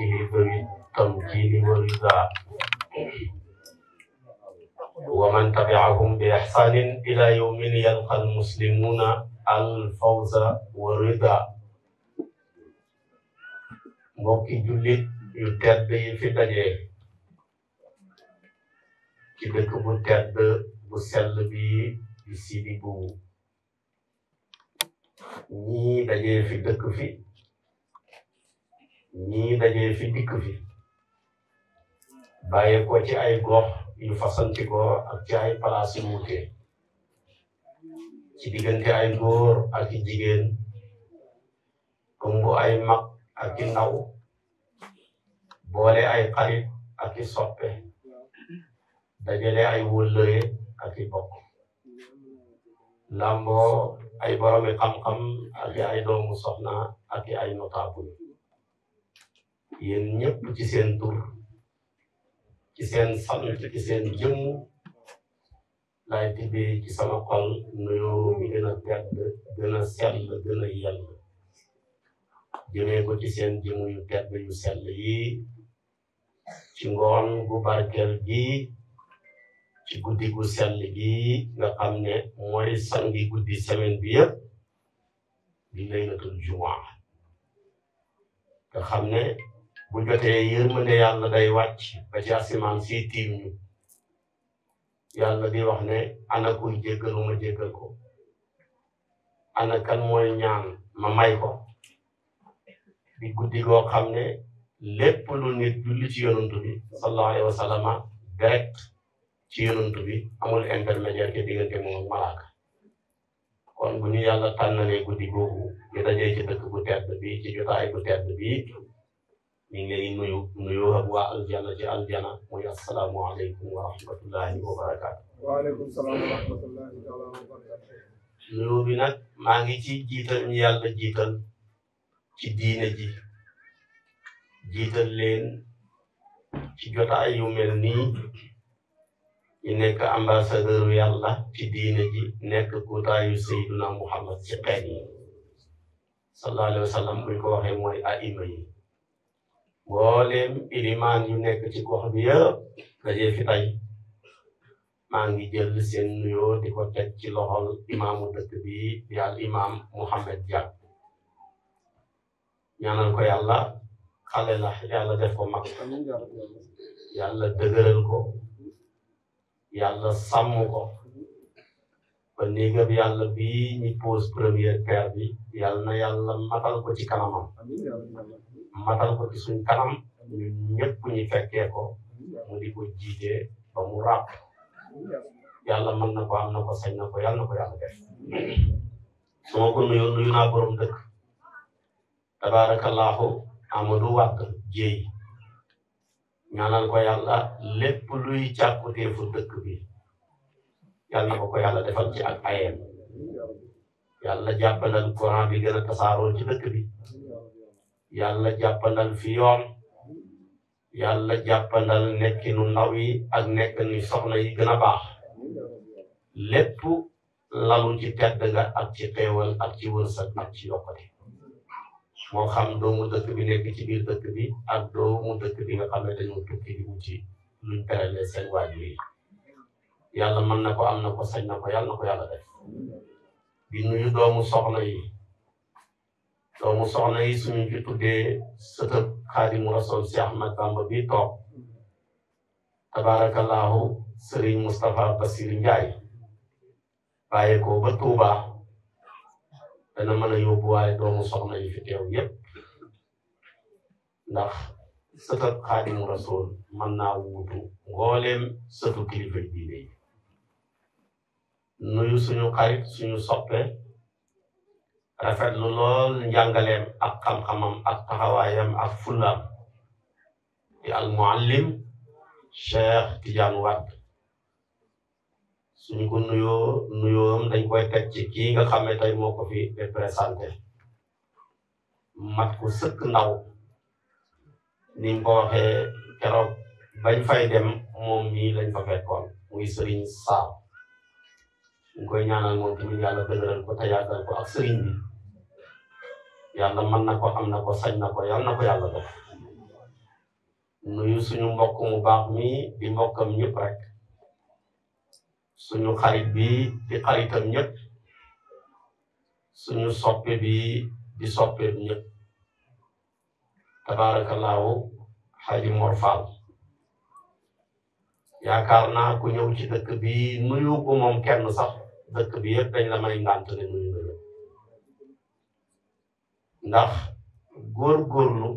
تهيبني تمكين ورضا ومن تبعهم بإحسان إلى يوم يلقى المسلمون الفوز والرضا mbokki jullit yu tedd fi daje ci dëkk bu tedd bu sell bi di Sidibou ñii daje fi dëkk fi ñii dajee fi dikk fi bàyyee ko ci ay gox yu fasantikoo ak ci ay palaas yu wuute ci diggante ay góor ak i jigéen ëmb ay mag ak i ndaw boole ay xarit ak i soppe dajale ay wëllëre ak i bokk làmboo ay boromi xam-xam ak i ay doomu soxna ak i ay notable yéen ñëpp ci seen tur ci seen sant ci seen jëmm laay tibbee ci sama xol nuyoo bi gën a tedd gën a sell gën a yell jëmee ko ci seen jëmm yu tedd yu sell yi ci ngoon gu barkeel gi ci guddi gu sell gi nga xam ne mooy sangi guddi semaine bi yëpp di laylatul jumaa nga xam ne bu jotee yërmande day wàcc ba ci asamaan si tiim ñu yàlla di wax ne ana kuy jéggalu mooy ñaan ma may ko di guddi goo xam ne lépp lu nit julli ci yonantu bi alayhi wa sallam ci yonantu bi amul intermédiaire ci diggante moom ak kon bu ñu yàlla tànnalee guddi googu ñu dajee ci bi ci jotaay bu bi ñu ngi nuyu nuyoo aljana ci aljana muy assalaamu aleykum wa rahmatullahi wa barakaatu. waaleykum salaam wa rahmatullahi taala wa barakaatu. nuyoo bi nag maa ngi ci jiital ñu yàlla jiital ci diine ji jiital leen ci jotaay yu mel nii ñu nekk ambassadeur yàlla ci diine ji nekk kuutaayu sayyiduna muhammad ci xeet yi wa sallam buñ ko waxee mooy aima yi mbooleem ilimaan yu nekk ci gox bi yëpp dajee fi tey maa jël di ko teg ci loxol imam dëkk bi ya imam muhammad ya ñaanal ko yalla ya xale la yalla ya def ko mak yalla ya dëgëral ko yalla sam ko ba néegam yàlla bi ni pose première pierre bi yalla na yalla matal ko ci kanamam matal ko ci suñ kanam ñun ñëpp ñu fekkee ko mu di ko jiite ba mu ràpp yàlla mën na ko am na ko sañ na ko yàlla na ko yàlla def su ma ko nuyoo nuyu naa borom dëkk tabaarakallaahu Amadou Wade jéey ñaanal ko yàlla lépp luy càkkuteefu dëkk bi yàlla na ko ko yàlla defal ci ak ayem yàlla jàppalal bi gën a tasaaroo ci dëkk bi yàlla jàppalal fi yoon yàlla jàppalal nekkinu naw yi ak nekk ni soxna yi gën a baax lépp lalu ci tedd nga ak ci xéewal ak ci wërsëg ak ci yokkute moo xam doomu dëkk bi nekk ci biir dëkk bi ak doomu dëkk bi nga xam ne dañoo tukki di wuti luñ terale seen waajur yi yàlla mën na ko am na ko sañ na ko yàlla na ko yàlla def di nuyu doomu soxna yi doomu soxna yi suñu ci tuddee sëtëb xaadimu rasul si Ahmad Bamba bi toog tabaarakallaahu sëriñ Moustapha Basir Ndiaye bàyyi ko ba Touba dana mën a yóbbuwaale doomu soxna yi fi teew yépp ndax sëtëb xaadimu rasul mën naa wuutu ngooleem sëtu kilifa diine nuyu suñu xarit suñu soppe rafetlu lool njàngaleem ak xam ak taxawaayam ak fullaam di al muallim Cheikh Tidiane Wade suñ ko nuyoo nuyoom dañ koy teg ci kii nga xam ne tey fi représenté mat ko sëkk ndaw ni nga keroog bañ fay dem moom mii lañ fa fekkoon muy Serigne Sarr ñu koy ñaanal moom tamit yàlla dëgëral ko te yàggal ko ak Serigne bi yàlla mën na ko am na ko sañ na ko yàlla na yàlla def nuyu suñu mbokk mu baax mi di mbokkam ñëpp rek suñu xarit bi di xaritam ñëpp suñu soppe bi di soppeem ñëpp tabaarakallaahu xaji Mor Fall yaakaar naa ku ñëw ci dëkk bi nuyu ko moom kenn sax dëkk bi yëpp dañ la may ngànt ne nuyu ndax góorgóorlu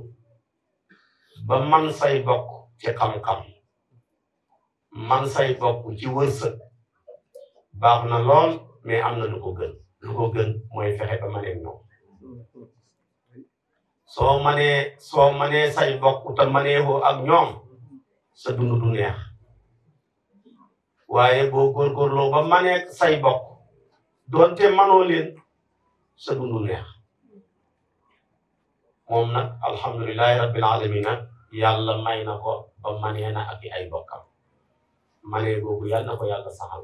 ba man say bokk ci kam xam man say bokk ci wërsëg baax na lool mais am na lu ko gën lu gën mooy fexe ba maneen ñoom soo manee soo manee say bokk te maneewoo ak ñoom sa dund du neex waaye boo góorgóorloo ba manee say bokk doonte manoo leen sa dund neex moom nag alhamdulilahi rabbil alamina yàlla may na ko ba manee na ak ay bokkam manee googu yàlla na ko yàlla saxal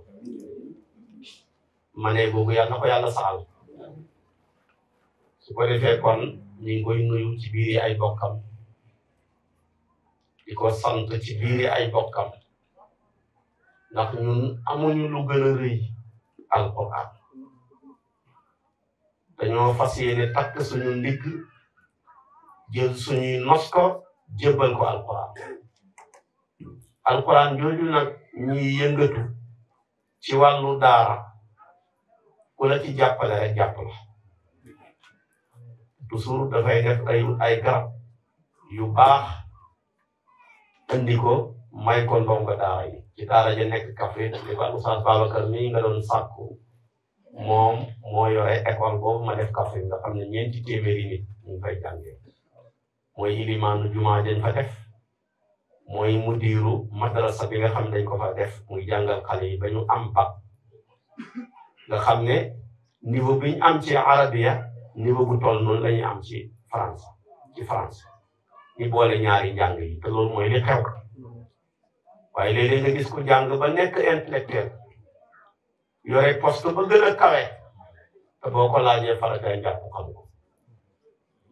manee googu yàlla na ko yàlla saxal su ko defee kon ñu ngi koy nuyu ci biiri ay bokkam di ko sant ci biiri ay bokkam ndax ñun amuñu lu gën a rëy alquran dañoo fas yéene takk suñu ndigg jël suñuy nos ko jébbal ko alquran alquran jooju nag ñiy yëngatu ci wàllu daara ku la ci jàppale rek jàpp la dafay def ay ay yu baax andi ko may ko ndongo daara yi ci daara ja nekk Kaffrine li ko Oustaz Babacar mii nga doon sàkku moom moo yore école boobu ma def nga xam ñeenti téeméeri nit ñu ngi mooy ilimaanu jumaa dañ fa def mooy mudiru madrasa bi nga xam ne dañ ko fa def muy jàngal xale yi ba am bac nga xam ne niveau bi ñu am ci arabia niveau bu toll noonu la am ci France ci France ñu boole ñaari njàng yi te loolu mooy li xew waaye léeg nga gis ku jàng ba nekk intellectuel yore poste gën a kawe te boo ko laajee farata njàpp xam ko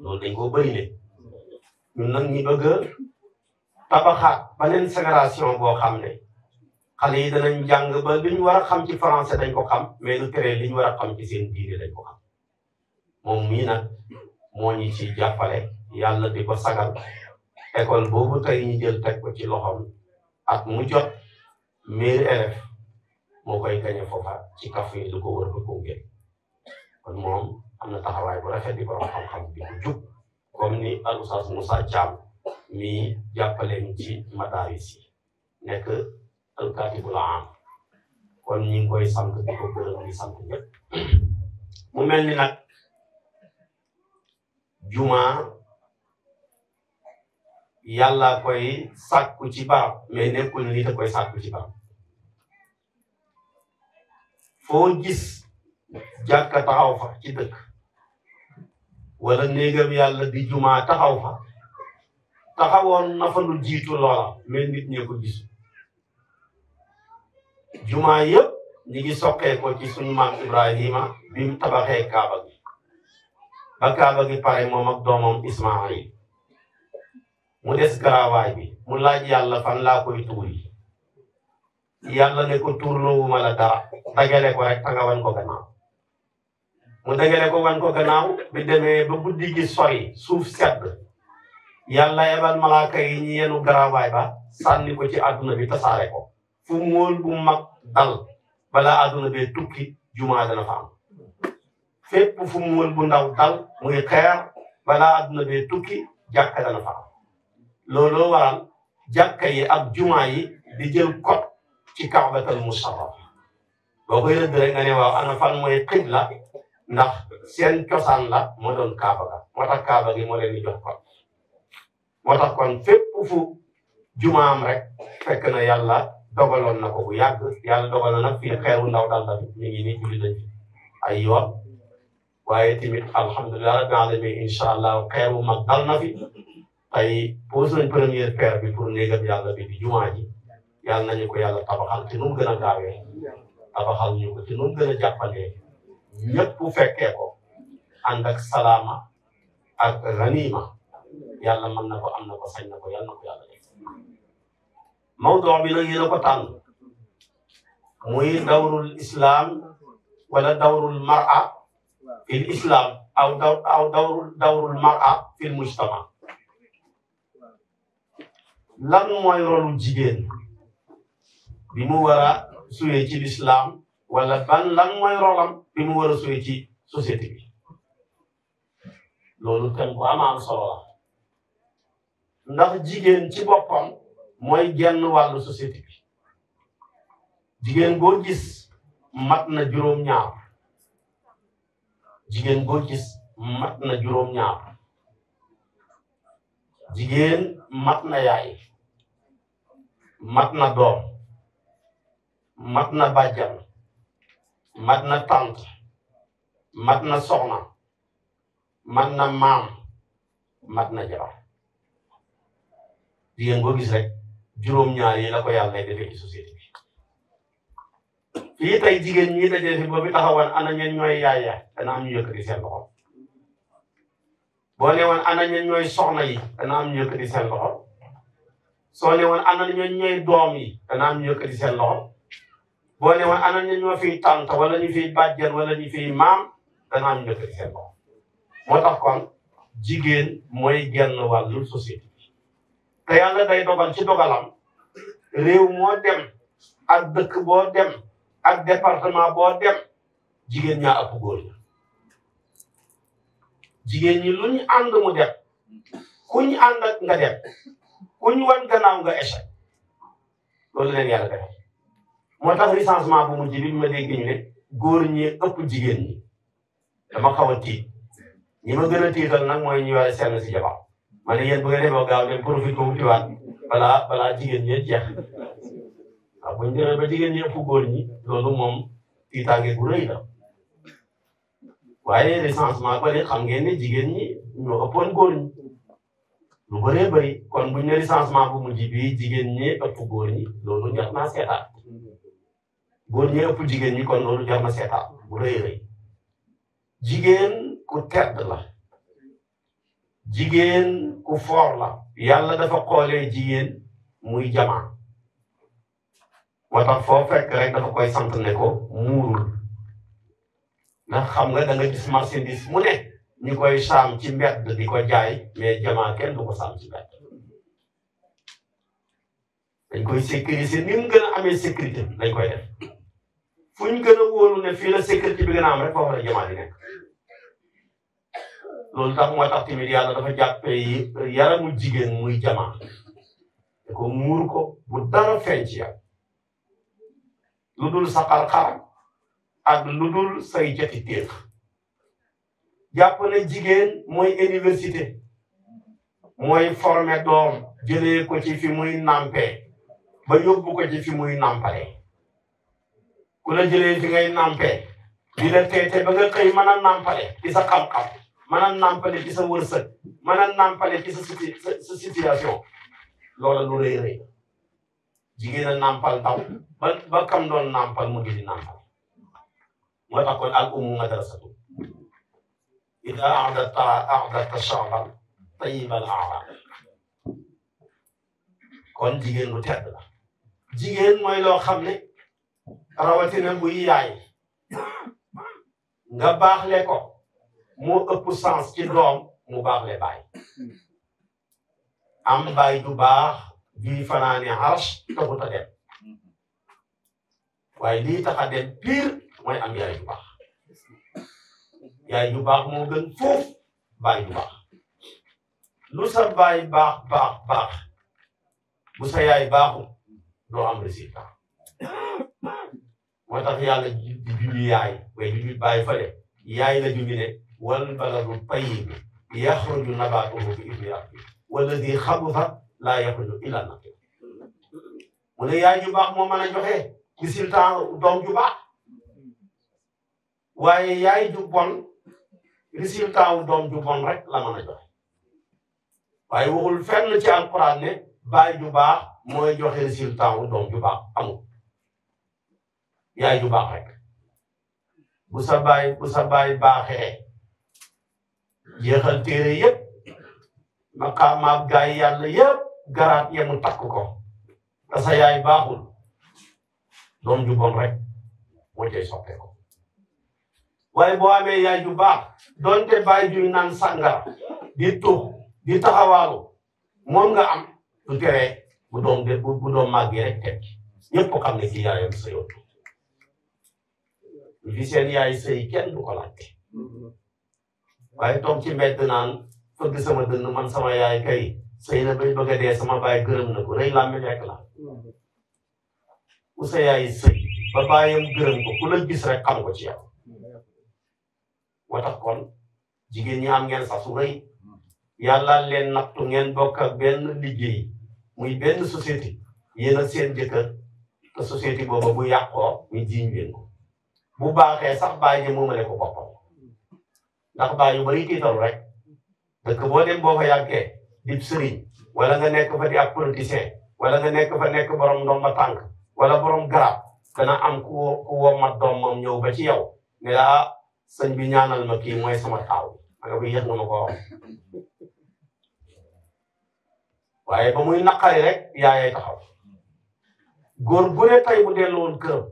loolu dañ ko bëri ñun nag ñi bëgg a tabaxaat beneen ségrégation boo xam ne xale yi danañ jàng ba li war a xam ci français dañ ko xam mais lu tere li war a xam ci seen diine dañ ko xam moom mii nag moo ñu ci jàppale yàlla di ko sagal école boobu tey ñu jël teg ko ci loxoom at mu jot mille élèves moo koy gañe foofa ci kaf lu ko wër ba Koungheul kon moom am na taxawaay bu rafet di borom xam bi jub comme ni Oustaz Moussa Thiam mi jàppaleen ci madaaris yi nekk alkaatibul am kon ñu ngi koy sant di ko gërëm di sant ñëpp mu mel ni nag juma yàlla koy sàkku ci barab mais nekkul ni da koy sàkku ci barab foo gis jàkka taxaw fa ci dëkk wala néegam yàlla di jumaa taxaw fa taxawoon na fa lu jiitu loola mais nit ñi ko jumaa yëpp ñi ngi soqee ko ci maam Ibrahima bi mu tabaxee Kaaba gi ba Kaaba gi pare moom ak doomam mu des garaawaay bi mu laaj yàlla fan laa tuuri yàlla ne ko tuurloowu ma la dara dagale ko rek tagawan ko gannaaw mu dagale ko wan ko gannaaw bi demee ba guddi gi sori suuf sedd yàlla yebal malaaka yi ñi yenu garawaay ba sànni ko ci àdduna bi tasaare ko fu mool bu mag dal balaa àdduna bee tukki jumaa dana fa am fépp fu mool bu ndaw dal muy xeer balaa àdduna bee tukki jàkka dana fa am looloo waral jàkka yi ak jumaa yi di jël kot ci kaabatal musarraf boo koy rëdd rek nga ne waaw ana fan mooy ndax seen cosaan la moo doon kaaba ga moo tax kaaba gi moo leen di jox kon moo tax kon fépp fu jumaam rek fekk na yàlla dogaloon na ko bu yàgg yàlla dogaloon na fii xeeru ndaw dal la ñu ngi nii julli nañ fi ay yoon waaye tamit alhamdulilah rabbil alamin incha allah xeeru mag dal na fi tey pose nañ première pierre bi pour néegam yàlla bi jumaa ji yàlla nañu ko yàlla tabaxal te nu gën a gaawee tabaxal ñu ko te nu gën a jàppandee bu fekkee ko ànd ak salaama ak ranima yàlla mën na ko am na ko sañ na ko yàlla na ko yàlla def mawdu bi nag yéen a ko tànn muy dawrul islam wala dawrul mar'a fil islam aw daw aw dawrul dawrul mar'a fil mujtama lan mooy rolu jigéen bi mu war a suyee ci l'islam wala ban lan mooy rolam bi mu war a suy ci bi loolu tam bu am am ndax jigéen ci boppam mooy genn wàllu société bi jigéen boo gis mat na juróom-ñaar jigéen boo gis mat na juróom-ñaar jigéen mat na yaay mat na doom mat na bàjjan mat na tante mat na soxna mat na maam mat na jabar jigéen boo gis rek juróom ñaar yi la ko yalla defé ci société bi fi tay jigéen ñi dajee fi boobu taxawoon ana ñen ñoy yaaya ya? dana am ñu yëkkati seen loxo bo ne woon ana ñen ñoy soxna yi dana am ñu yëkkati seen loxo so ne ana ñen ñoy doom yi dana am ñu yëkkati seen loxo boo ne ma ana ñu ma fiy tant wala ñu fi bàjjan wala ñu fiy maam danaa ñu def ci bopp motax kon jigen moy genn walu society te yalla day dogal ci dogalam rew mo dem ak dekk bo dem ak département bo dem jigen ñaa ak goor jigen ñi lu and mu def ku ñu ànd ak nga def ku ñu wan gannaaw nga échec lolu len yalla def moo tax recensement bu mujj bi ma dégg ñu ne góor ñi jigéen ñi dama xaw a tiit ñi ma gën a tiital nag mooy ñu yore seen si jabar ma ne bu ngeen defoo gaaw dem profité wu tiwaat balaa balaa jigéen ñi jeex waaw bu ñu demee ba jigéen ñi ëpp góor ñi loolu moom tiitaange gu rëy la waaye recensement bari xam ngeen ne jigéen ñi ñoo ëppoon góor ñi lu bëree bëri kon bu ñu ne recensement bu mujj bi jigéen ñi ëpp góor ñi loolu ñor naa seetaat góor ñi ëpp jigéen ñi ko loolu jar na seetaat bu rëy jigéen ku tedd la jigéen ku foor la yàlla dafa xoolee jigéen muy jamaa moo tax foo fekk rek dafa koy sant ko muurul ndax xam nga da nga gis marchandise mu ne ñu koy saam ci mbedd di ko jaay mais jamaa kenn du ko saam ci mbedd dañ koy sécuriser ni mu gën a amee sécurité lañ koy def fu ñu gën a wóolu ne fii la sécurité bi rek foofu jamaa di nekk loolu tax moo tax tamit yàlla dafa jàppee yaramu jigéen muy jamaa te ko muur ko bu dara feeñ ci sa xar ak lu dul say jati téex ne jigéen mooy université mooy former doom jëlee ko ci fi muy nampee ba yóbbu ko ci fi muy nampale ku la jëlee fi ngay nampee di la ba nga xëy mën a nampale ci sa xam ma mën nampale ci sa wërsëg mën a nampale ci sa sa situation loola lu rëy rëy jigéen a nampal ndaw ba kam doon nampal mu ngi di nampal moo tax kon al umu madrasatu ida adata adata shaban tayibal alam kon jigéen lu tedd la jigéen mooy loo xam ne rawatina buy yaay nga baaxle ko moo ëpp sens ci doom mu baaxle baay am baay du baax juy fanaane arsh taxut a dem waaye lii tax a dem pire am yaay du baax yaay du baax moo gën foof baay du baax lu sa baay baax baax bu sa yaay baaxu doo am résultat moo tax yàlla di julli yaay waaye di julli bàyyi yaay la julli ne wal baladu tayyib yaxruju nabaatuhu bi idni rabbi walladi xabusa laa yaxruju illa naqi mu yaay ju moo mën a joxe résultat doom ju baax waaye yaay ju bon résultat wu doom ju rek la mën a joxe waaye waxul fenn ci alquran ne baay ju moo mooy joxe résultat wu doom ju baax yaay du bax rek bu sa bay bu sa bay baxé yeexal téré yépp makama gaay yalla yépp garaat yemu takk ko ta sa yaay baxul doom ju bon rek mo cay soppé ko waaye bo amé yaay ju baax doonte bay ju nan sanga di tu di taxawalu mo nga am du téré bu doom bu doom magé rek teg ñëpp xam ne ci yaayam sa yottu li seen yaay sëy kenn du ko laajte waaye toog ci mbedd naan fëgg sama dënn man sama yaay kay sëy na bay bëgg a dee sama baay gërëm na ko rëy làmmi nekk la ku sa yaay sëy ba baayam gërëm ko ku la gis rek xam ko ci yow moo kon jigéen ñi am ngeen sasu rëy yàlla leen nattu ngeen bokk ak benn liggéey muy benn société yéen ak seen jëkkër te société booba bu yàqoo ñu jiiñ leen ko bu baaxee sax baay ja moomale ko boppam ndax baay yu bari tiitaru rek dëkk boo dem boo fa yàggee dib sëriñ wala nga nekk fa di ab politicien wala nga nekk fa nekk borom ndomba tànk wala borom garab dana am ku ku wommat doomam ñëw ba ci yow ne laa sëñ bi ñaanal ma kii mooy sama taaw ma nga ko yéex na ko waaye ba muy naqari rek yaayee taxaw góor gu ne tey bu delloon këram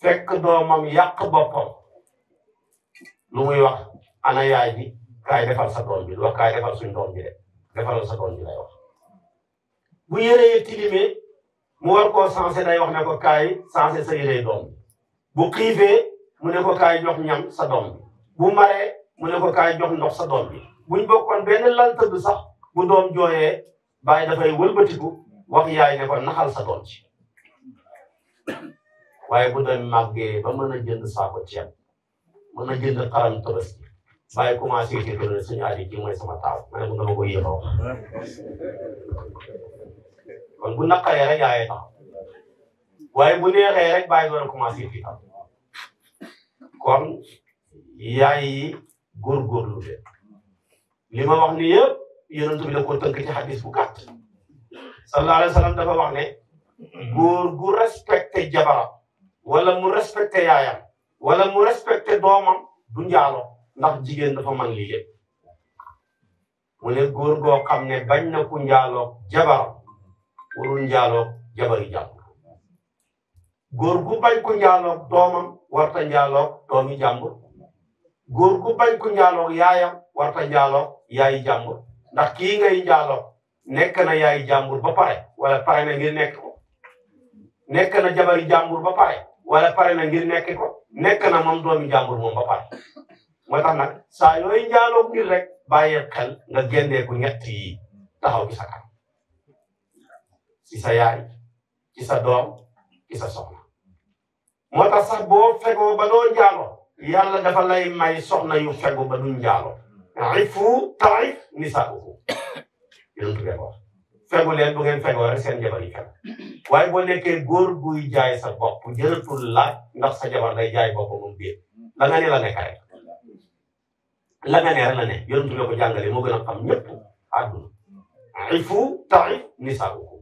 fekk doomam yàq boppam lu muy wax ana yaay bi kaay defal sa doom bi lu wax kaay defal suñ doom bi de defalal sa doom bi lay wax bu yëree tilimee mu war koo sensé day wax ne ko kaay sensé sa yëree doom bi bu xiifee mu ne ko kaay jox ñam sa doom bi bu maree mu ne ko kaay jox ndox sa doom bi buñ bokkoon benn lal tëdd sax bu doom jooyee bàyyi dafay wëlbatiku wax yaay ne ko naxal sa doom ci waaye bu doon màggee ba mën a jënd saako ceeb mën a jënd xaram tabaski bàyyi commencé ci dëgg suñu aadi ji mooy sama taaw ma ne ko dama ko yéexoo kon bu naqaree rek yaayee tax waaye bu neexee rek bàyyi doon commencé fii tam kon yaay yi góorgóorlu de li ma wax ni yëpp yonent bi da ko tënk ci xadis bu gàtt sallallahu alayhi wa sallam dafa wax ne góor gu respecté jabaram wala mu respecté yaayam wala mu respecté doomam du njaalo ndax jigéen dafa man lii yëpp mu góor goo xam ne bañ na ku njaaloo jabar warul njaaloo jabari jàmbur góor gu bañ ku njaaloo doomam warta njaaloo doomi jàmbur góor gu bañ ku njaaloo yaayam warta njaaloo yaayi jàmbur ndax kii ngay njaaloo nekk na yaayi jàmbur ba pare wala pare na ngir nekk ko nekk na jabari jàmbur ba pare wala pare na ngir nekk ko nekk na moom doom jàmbur moom ba pare moo tax nag saa yooyu njaaloo ngir rek bàyyee xel nga génneeku ñett yi taxaw ci sa kanam ci sa yaay ci sa doom ci sa soxna moo tax sax boo fegoo ba doo njaaloo yàlla dafa lay may soxna yu fegu ba duñ njaaloo. rifu tarif nisaahu yéen a tuddee ko fegu leen bu ngeen fegoo rek seen jabar yi fegu waaye boo nekkee góor guy jaay sa bopp jëratul laaj ndax sa jabar day jaay bopp moom biir la nga ne la nekk rek la nga ne rek la ne yonent bi ko jàngale moo gën a xam ñëpp àdduna ifu taif nisaakum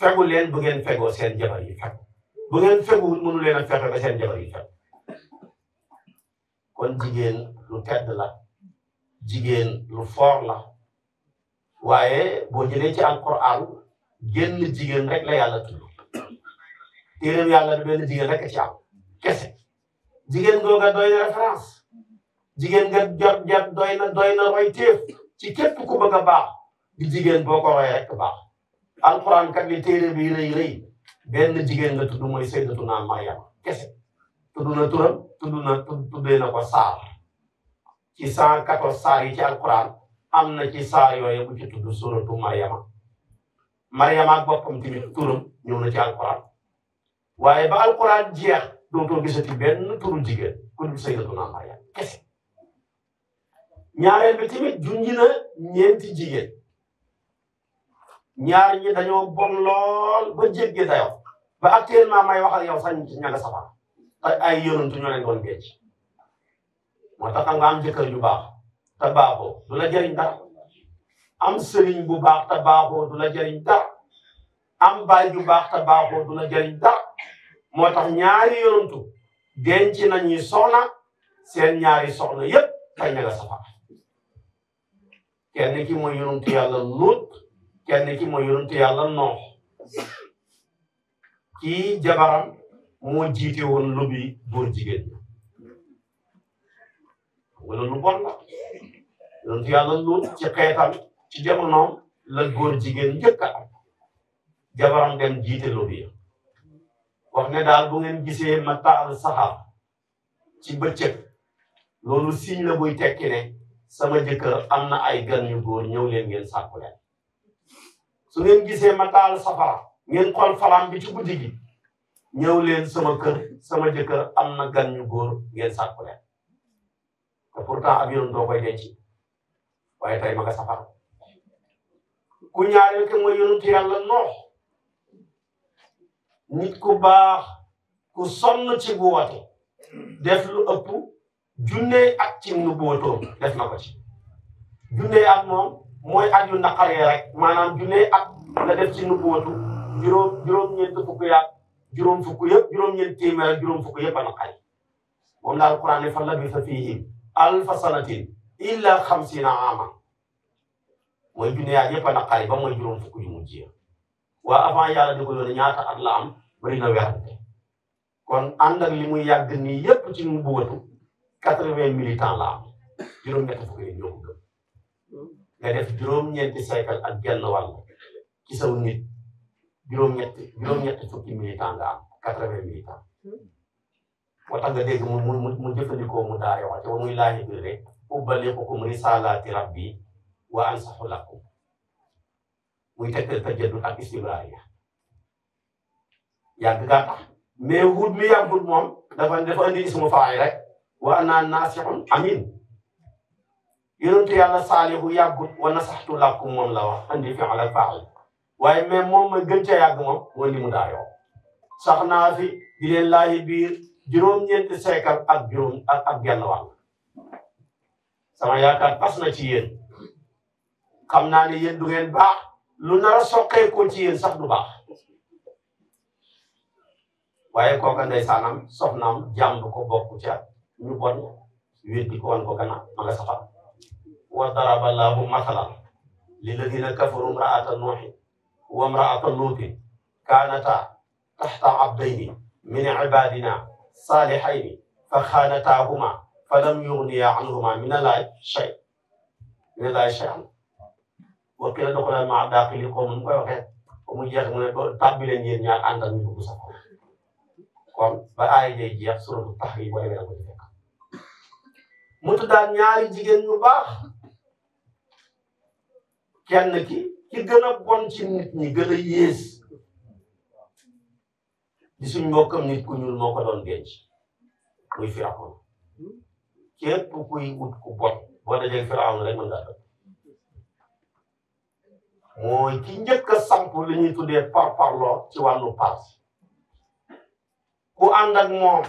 fegu leen bu ngeen fegoo seen jabar yi fegu bu ngeen feguwul leen a fexe ba seen jabar yi fegu kon jigéen lu tedd la jigéen lu foor la waaye boo jëlee ci alquran génn jigéen rek la yàlla tudd téeréem yàlla du benn jigéen rek ci am kese jigéen googa doy na référence jigéen nga jot jot doy na doy na roy téef ci képp ku bëgg a baax di jigéen boo ko roy rek baax alquran kat li téere bi rëy rëy benn jigéen nga tudd mooy sayyidatuna Maryam kese tudd na turam tudd na tuddee na ko saar ci cent quatorze saar yi ci alquran amna ci sa yooyu bu ci tuddu suratu Maryama Maryama ak boppam tamit turam ñëw na ci alquran waye ba alquran jeex do dootoo gisati ben turu jigéen ku dul sayyidatuna Maryam ñaarel bi timit junj ñent ñeenti jigéen ñaar ñi dañoo bon lool ba jéggi dayoo ba actuellement may waxal yow sañ ci nga safa ay yoonu ñu leen doon géej mo tax nga am jëkkër ju baax. te baaxoo du la jëriñ dara am sëriñ bu baax te baaxoo du la jëriñ dara am baay bu baax te baaxoo du la jëriñ dara moo tax ñaari yonantu denc nañuy soxna seen ñaari soxna yépp kay ña nga safara kenn ki mooy yonantu yàlla Luut kenn ki mooy yonantu yàlla Noox ki jabaram moo jiite woon lu bi góor jigéen ñi lu bon la yonentu yàlla Luut ci xeetam ci la góor jigéen njëkk a am jabaram dem jiite loolu wax daal bu ngeen gisee ma taal saxaar ci bëccëg loolu signe la buy tekki sama jëkkër am na ay gan yu góor ñëw leen ngeen sàkku su ngeen gisee ma taal safara ngeen xool falaam bi ci guddi gi leen sama kër sama jëkkër am na gan yu góor ngeen sàkku leen te pourtant ab yoon doo koy denc waaye tey ma nga safar ku ñaareel ke mooy yonentu yàlla noox nit ku baax ku sonn ci bu wate def lu ëpp junney ak ci nu bootoom def na ko ci junney ak moom mooy at yu rek maanaam junney ak la def ci nu bootu juróom juróom-ñeent fukk yaag juróom fukk yëpp juróom juróom fukk yëpp a naqari moom daal Alquran ne fa labisa fiihim alfa sanatin illa xamsiina aama mooy junne yaa yëpp a naqari mooy juróom fukk yu mujj ya waa avant yàlla di ko yoone ñaata at la am bëri na werante kon ànd ak li muy yàgg nii yëpp ci mu bëggatu quatre-vingts militants la am juróom-ñetti fukk yi ñoo ko def juróom-ñeenti cycle ak genn wàll ci saw nit juróom-ñetti juróom-ñetti fukki militants nga am quatre-vingts militants moo mu mu mu jëfandikoo mu daare wax wa muy laahi biir rek uballighukum risalati rabbi wa ansahu lakum muy tegtal tajaddud ak istibrariya yàgg gaa tax mais wut mi yàggul moom dafa dafa andi ismu faay rek wa ana nasixun amin yonentu yàlla saalihu yàggut wa nasaxtu lakum moom la wax andi fi'l ak faa'il waaye mais moom ma gën ca yàgg moom moo li mu daayoo sax naa fi di leen laayi biir juróom-ñeenti seekal ak juróom ak ak genn wàll sama yaakaar tas na ci yéen xam naa ne yéen du ngeen baax lu nar a soqeekoo ci yéen sax du baax waaye kooka ndeysaanam soxnaam jàmb ko bokk ca ñu bon wér di ko wan ko gannaaw ma nga safar wa daraba llahu mathalan lilladina kafaru mraata nuuxi wa mraata luutin kaanata taxta abdayni min ibadina saalixayni fa xaanataahuma falam yughniya anhumaa mina llaahi shay mina llaahi shay an wa qiila udxulaa maa daaqili ko mu koy waxee ba mu jeex mu ne tàbbi leen yéen ñaar àndal ñu dugg safara kon ba aaya jay jeex suratu Tahriim wala wala ko fekk mu tuddaal ñaari jigéen ñu baax kenn ki ki gën a bon ci nit ñi gën a yées di suñ mbokkam nit ku ñuul moo ko doon denc muy Firawna képp kuy ut ku bon boo dajee Firawna rek mën ngaa def mooy ki njëkk a samp li ñuy tuddee par parloo ci wàllu paas ku ànd ak moom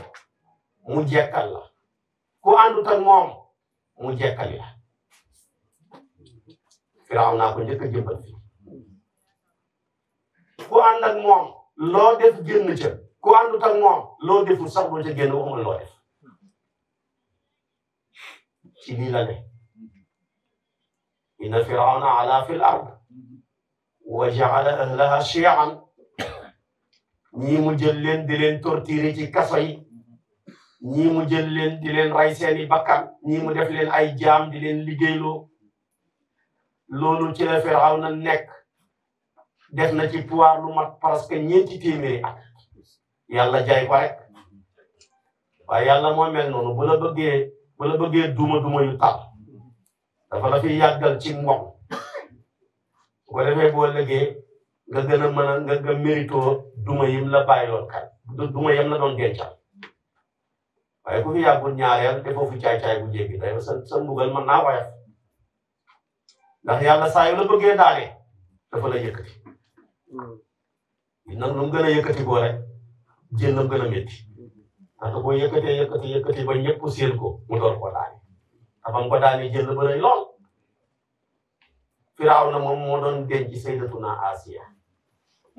mu jekkal la ku àndut ak moom mu jekkali la Firawna ko njëkk a jëmbal fi ku ànd ak moom loo def génn ca ku àndut ak moom loo deful sax boo ca génn waxuma loo def ci lii la ne firawna ala fil ard wa jaala ahlaha chian ñii mu jël leen di leen torturer ci kaso yi ñii mu jël leen di leen rey seeni bakkan ñii mu def leen ay jaam di leen liggéeyloo loolu ci la firawna nekk def na ci pouvoir lu mat parce que ñeenti téeméeri at yàlla jaay ko rek waaye yàlla moo noonu bu la bëggee bu la bëggee duma duma yu tar dafa la fi yàggal ci ngox bu ko defee boo lëggee nga gën a mën a nga nga méritoo duma yim la bàyyiloon kat duma yem la doon dencal waaye ku fi yàggul ñaareel te foofu caay-caay bu jéggi dayo sa sa mbugal mën naa woyof ndax yàlla saa yu la bëggee daane dafa la yëkkati hmm. nag lu mu gën a yëkkati boo rek jël gën a métti parce que boo yëkkatee yëkkati yëkkati ba ñëpp séen ko mu door ko daane te ba ko daane jël ba rëy lool firaaw na moom moo doon denc sayyidatuna Asiya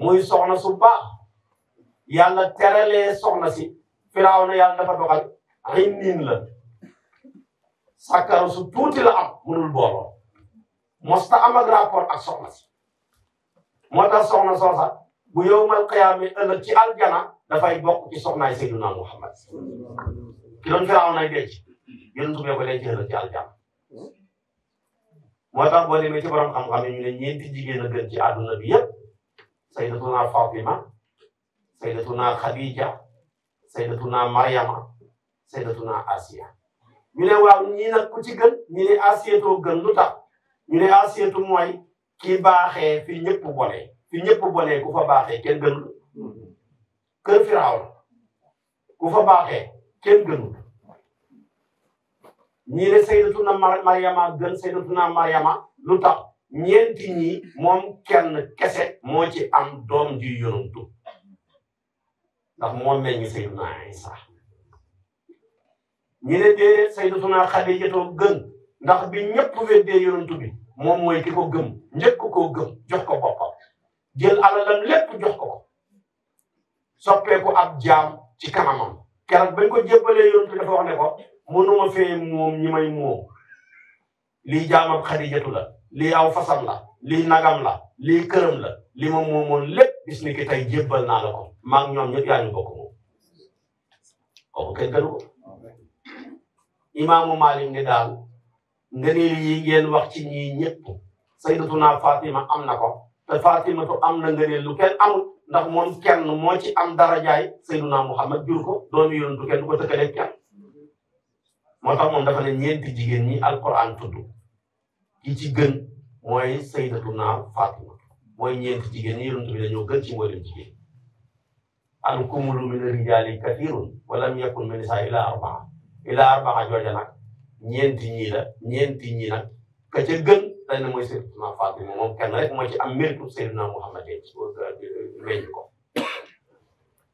muy soxna su baax yàlla teralee soxna si firaaw na yàlla dafa doxal ay la sàkkaru su tuuti la am mënul booloo mosta am rapport ak soxna si moo tax soxna soosa bu yowmal qiyaama ëllëg ci aljana dafay bokk ci soxnaay Seydina Muhammad ki doon firaaw nay denc yonent bi ko denc xëy ci aljana moo tax boo demee ci borom xam-xam ñu ne ñeenti jigéen a gën ci àdduna bi yëpp Sayyidatuna Fatima Sayyidatuna Khadija Sayyidatuna Maryama Sayyidatuna Asiya ñu ne waaw ñii nag ku ci gën ñu ne Asiyatu gën lu tax ñu ne Asiyatu mooy ki baaxee fi ñëpp bonee fi ñëpp bonee ku fa baaxee kenn gën kër firaaw ku fa baaxee kenn gënul ñii de sayyidatuna Maryama gën sayyidatuna Maryama lu tax ñeenti ñi moom kenn kese moo ci am doom ji yonantu ndax moo meññ sayyiduna Isa ñi ne déedéet sayyidatuna Xadijatoo gën ndax bi ñëpp weddee yonantu bi moom mooy ki ko gëm njëkk koo gëm jox ko boppam jël alalam lépp jox ko soppeeku ak jaam ci kanamam. keroog bañ ko jébbalee yoon bi dafa wax ne ko mënuma fee moom ñi may moom lii jaamam xadijatu la lii aw fasam la lii nagam la lii këram la li ma moomoon lépp bis ni ki tey jébbal naa la ko maag ñoom ñëpp yaa ñu bokk moom kooku kenn ko imaamu Maalik ne daal ngëneel yi ngeen wax ci ñii ñëpp sayyidatuna Fatima am na ko te Fatimatu am na ngëneel lu kenn amul ndax moom kenn moo ci am darajaay Seyduna Muhammad jur ko doomi yoon du kenn du ko kenn moo tax moom dafa ne ñeenti jigéen ñi alquran tudd ki ci gën mooy Seydatuna Fatima mooy ñeenti jigéen ñi yonent bi dañoo gën ci mboolem jigéen al kumulu min rijaali kathirun walam yakun min nisaa ila arbaa ila arbaa jooja nag ñeenti ñii la ñeenti ñii nag ka gën dañ ne mooy Seydatuna Fatima moom kenn rek moo ci am méritu Seyduna Muhammad weñu ko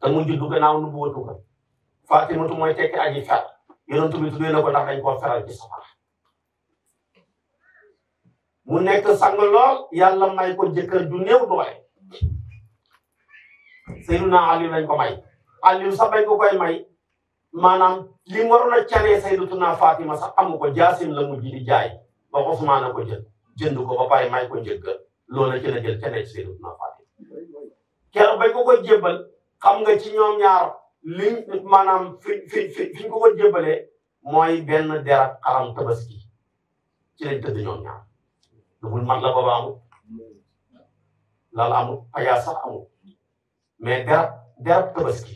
te mu juddu gannaaw nu mu wëtu ko Faatimatu mooy tekki aji fer yonent bi tuddee na ko ndax dañ koo feral ci safara mu nekk sang lool yàlla may ko jëkkër ju néew doole Seydina Aliou lañ ko may Aliou sax bañ ko koy may maanaam li mu waroon a caree Sayyidatuna Fatima sax amu ko jaasim la mujj di jaay ba Ousmane a ko jël jënd ko ba pare may ko njëkk loola ci la jël keneen Sayyidatuna Fatima keroog bañ ko ko jébbal xam nga ci ñoom ñaar liñ maanaam fi fi fi fiñ mooy benn derat xaram tabaski ci lañ tëdd ñoom ñaar lu mat la booba lal amul ayaa sax amul mais derat derat tabaski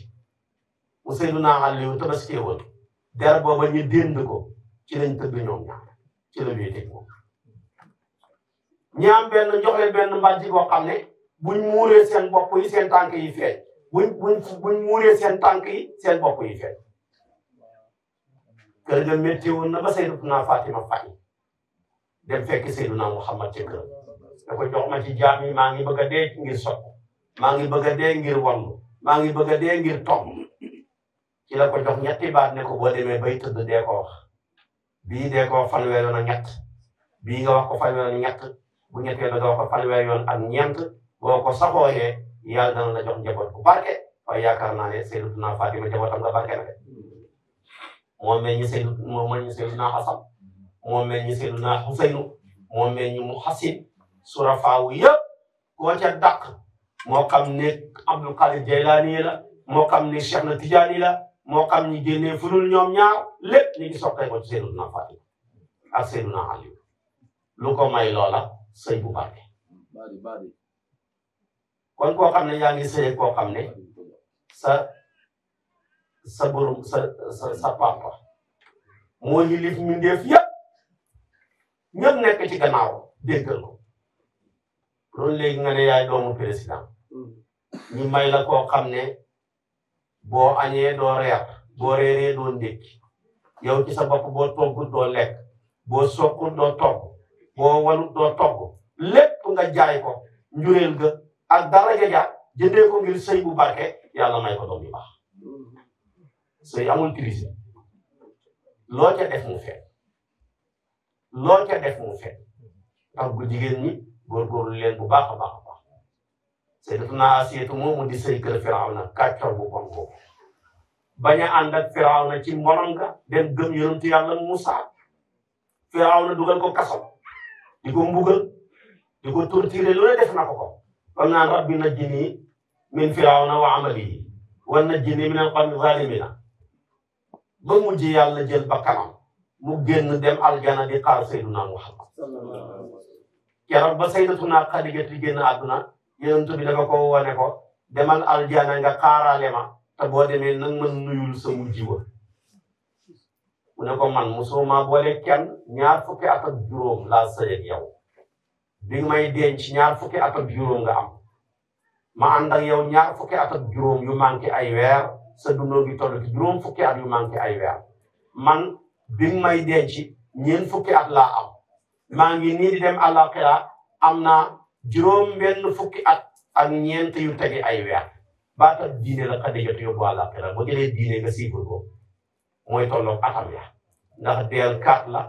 mu Seydina Aliyu tabaski woon der booba ñu dénd ko ci lañ tëdd ñoom ñaar ci la wéeteeg moom ñaam benn jox leen benn mbàjj boo xam ne bu muuree seen bopp yi seen tànk yi feeñ buñ buñ seen tànk yi seen bopp yi feeñ kër ga métti woon na ba Sayyidatuna Fatima fay dem fekk Sayyiduna Muhammad ci kër da ko jox ma ci maa ngi bëgg a dee ngir sot maa ngi bëgg a dee ngir wallu maa ngi bëgg a dee ngir tomb ci la ñetti baat ne ko boo demee bay tëdd dee ko wax bii dee ko wax fanweer yoon ak ñett bii nga wax ko fanweer yoon ñett ñeent Eh, boo ko saxooyee yàlla dana la jox njaboot bu barke waaye yaakaar naa ne eh, Seydatuna Fatima njabootam nga barke na de moo mel ni Seydou moo mel ni Seydina Hasan moo moo mel ni mu Hasin sura faawu yëpp koo ca dàq moo xam ne Abdul Qadir Jaylaani la moo xam ne Cheikh na Tijaani la moo xam ni génnee fulul ñoom ñaar lépp ñu ngi sokkee ko ci Seydina Fatima ak Seydina Aliou lu ko may loola sëy bu barke kon koo xam ne yaa ngi sëy koo xam ne sa sa borom sa sa papa moo yilif ñu ndeef yëpp ñëpp nekk ci gannaaw déggal ko loolu léegi nga ne yaay doomu président ñu may la koo xam ne boo añee doo reer boo reeree doo ndékki yow ci sa boo toggul doo lekk boo sokkul doo togg boo walut doo togg lépp nga jaay ko njureel ga ak dara ja jende ko ngir sëy bu barke yalla may ko doom yu baax sëy amul crise lo ca def mu fekk lo ca def mu fekk ak bu ni gor gor leen bu baax a baax a baax sëy def na asiyatu moomu di sëy kër fir'auna kàccoor bu bon ko baña a ànd ak Firawna ci mbonam ga dem gëm yonentu yalla musa fir'auna dugal ko kasso di ko mbugal di ko torturé def na ko ko قلنا ربي نجني من فرعون وعمله ونجني من القوم الظالمين بمو جي يالله جيل بكرا مو ген ديم الجنه دي قال سيدنا محمد يا رب سيدتنا قد جت ген ادنا يونت بي داكو كو وانيكو ديمال الجنه nga خارالما تا بو ديمي نان من نويول سمو جيوا مو مان مسوما بولي كان نيار فوكي اتا جروم لا سيد يوم bi nga may denc ñaar fukki at ak juróom nga am ma ànd ak ñaar fukki at ak juróom yu manqué ay weer sa dundoo gi toll ci juróom fukki at yu manqué ay weer man bi may denc ñeent fukki at laa am maa ngi nii di dem àllaaxira am naa juróom benn fukki at ak ñeent yu tege ay weer baata diine la Xadijatu yóbbu àllaaxira boo jëlee diine nga siiful ko mooy tolloog atam ya ndax deel 4 la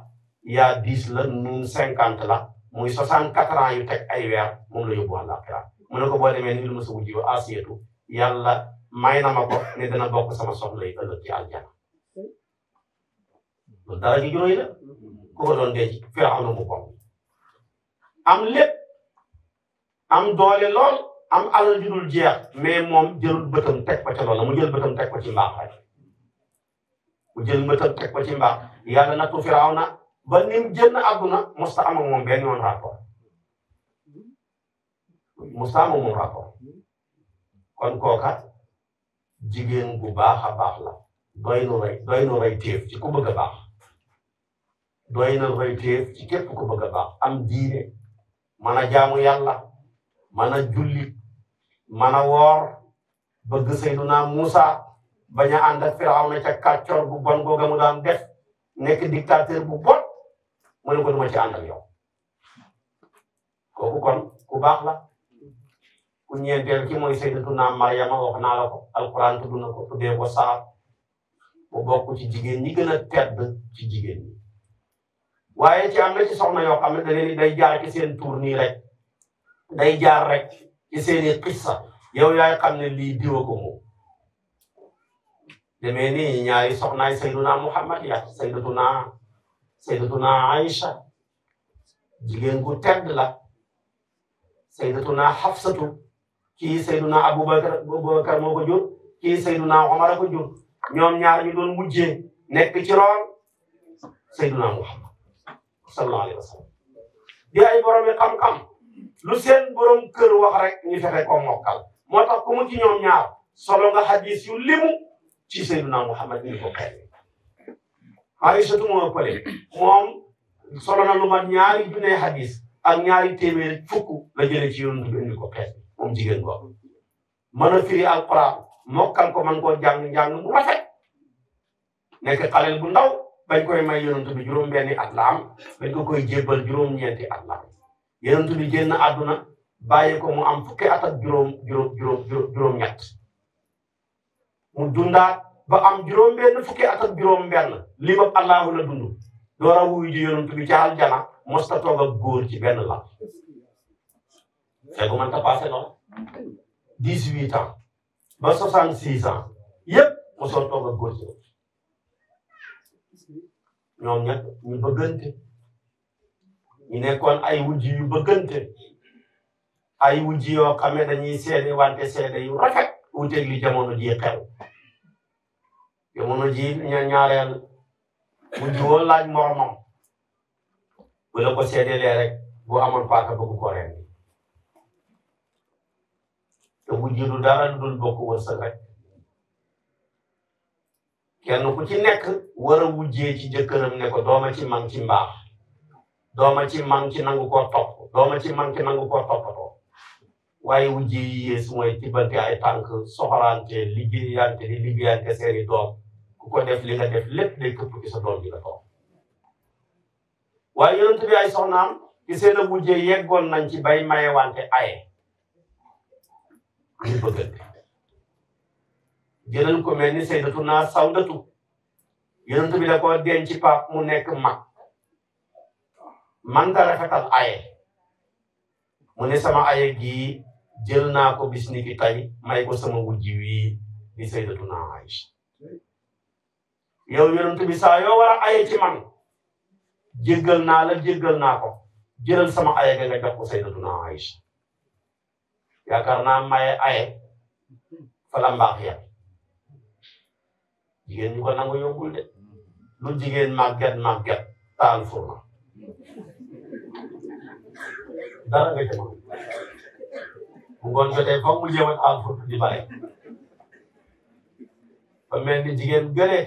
yaa 10 la nun 50 la muy soixante quatre ans yu teg ay weer moom la yóbbu àllaaxira la ne ko boo demee ni lu ma sa wujj yow asiyatu yàlla may na ma ko ne dana bokk sama soxla yi ëllëg ci aljana loolu dara ju juróoy la ku ko doon dee ci Firawna mu bokk am lépp am doole lool am alal ju dul jeex mais moom jëlul bëtam teg ko ca loola mu jël bëtam teg ko ci mbaax rek mu jël bëtam teg ko ci mbaax yàlla nattu Firawna ba nim jenn aduna musta am ak moom benn yoon rapport musta am ak moom rapport kon kooka jigéen bu baax a baax la doy ray rey ray teef ci ku bëgg baax ci ku bëgg am diine mana jaamu yalla mana julli mana wor bëgg Seyduna Muusa bañ a ak ca kàccoor bu bon googa mu daan def nekk dictateur bu bon mu ne ko du ma ci ànd ak yow kooku kon ku baax la ku ñeenteel ki mooy sayyidatuna Maryama wax naa la ko alquran tudd na ko tuddee ko saar mu bokk ci jigéen ñi gën a tedd ci jigéen ñi waaye ci am na ci soxna yoo day jaar ci seen tour nii rek day jaar rek ci seeni xissa yow yaay xam ne lii diwa ko moom demee nii ñaari soxnaay sayyiduna Muhammad ya sayyidatuna sayyidatuna Aïcha jigéen gu tedd la sayyidatuna Hafsatu kii sayyiduna Abubakar Abubakar moo ko jur kii sayyiduna Omar a ko jur ñoom ñaar ñu doon mujjee nekk ci rool sayyiduna Muhammad sallallahu alayhi wa sallam di ay boromi xam-xam lu seen borom kër wax rek ñu fexe ko mokkal moo tax mu ci ñoom ñaar solo nga xadis yu limu ci sayyiduna Muhammad ñu ko xel Aysatu moo ëppale moom solo na lu mat ñaari junne xadis ak ñaari téeméer fukk la jëlee ci yonent bi ko xeet moom jigéen boobu mën a firi alquran mokkal ko man koo jàng jàng mu rafet nekk xaleel bu ndaw bañ koy may yonent bi juróom-benni at am bañ ko koy jébbal juróom-ñeenti at la am yonent bi génn àdduna ko mu am fukki at juróom ñett mu dundaat. ba am juróom-benn fukki at ak juróom-benn li ba allahu la dund door a wuyu ji yonent bi ca aljana mos ta góor ci benn la fekk man ta passé noonu dix huit ba soixante six ans yëpp mosoo góor ci ñoom ñett ñu bëggante ñu nekkoon ay wujj yu bëggante ay wujj yoo xam ne dañuy seede wante seede yu rafet wuuteeg li jamono ji xew jamono jii ña ñaareel mu jiwoo laaj moromam bu la ko seedelee rek bu amoon paaka bëgg ko ren te bu jiitu dara dul bokk wërsëg rek kenn ku ci nekk war a wujjee ci jëkkëram ne ko dooma ci man ci mbaax dooma ci man ci nangu koo topp dooma ci man ci nangu koo toppatoo waaye yi yées mooy ci bante ay tànk soxorante liggéeyante di liggéeyante seeni doom kuko def li nga def lepp day kepp ci sa doon bi la kaw waye yonent bi ay soxnam ci seena a mujjee nañ ci bay wante aye ñu bëggante jëlal ko melni sayyidatu na sawdatu bi da ko ci pap mu nekk mag man aye mu ne sama aye gii jël naa ko bis ni ki tey may ko sama wujji wii di sayyidatu na yow yonent bi saa yoo war a aye ci man jéggal naa la jéggal naa ko jëlal sama aye ga nga jox ko sayyidatuna Aïcha yaakaar naa maye aye fala mbaax ya jigéen ñu ko nangu yombul de lu jigéen màgget màgget taal furna dara nga jëma bu ngoon jotee foog mu jéem a taal furna di bare ba mel ni jigéen gëlee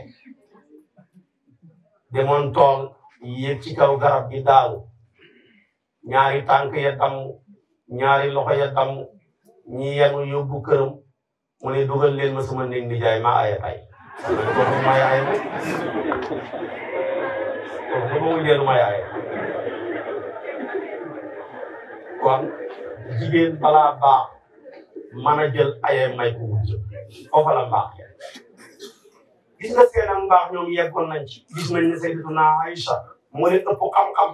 demoon tool yéeg ci kaw garab gi daal ñaari tànk ya damm ñaari loxo ya damm ñi yenu yóbbu këram mu ne dugal leen ma sama néeg nijaay maa aya tay kooku ma yaaye ma kooku ma wuñ ma yaaye kon jigéen balaa baax mën a jël ayay may ko wujj foofa la mbaax gis na seen am baax ñoom yeggoon nañ ci gis nañ ne Sayyidatuna Aïcha moo leen ëpp xam-xam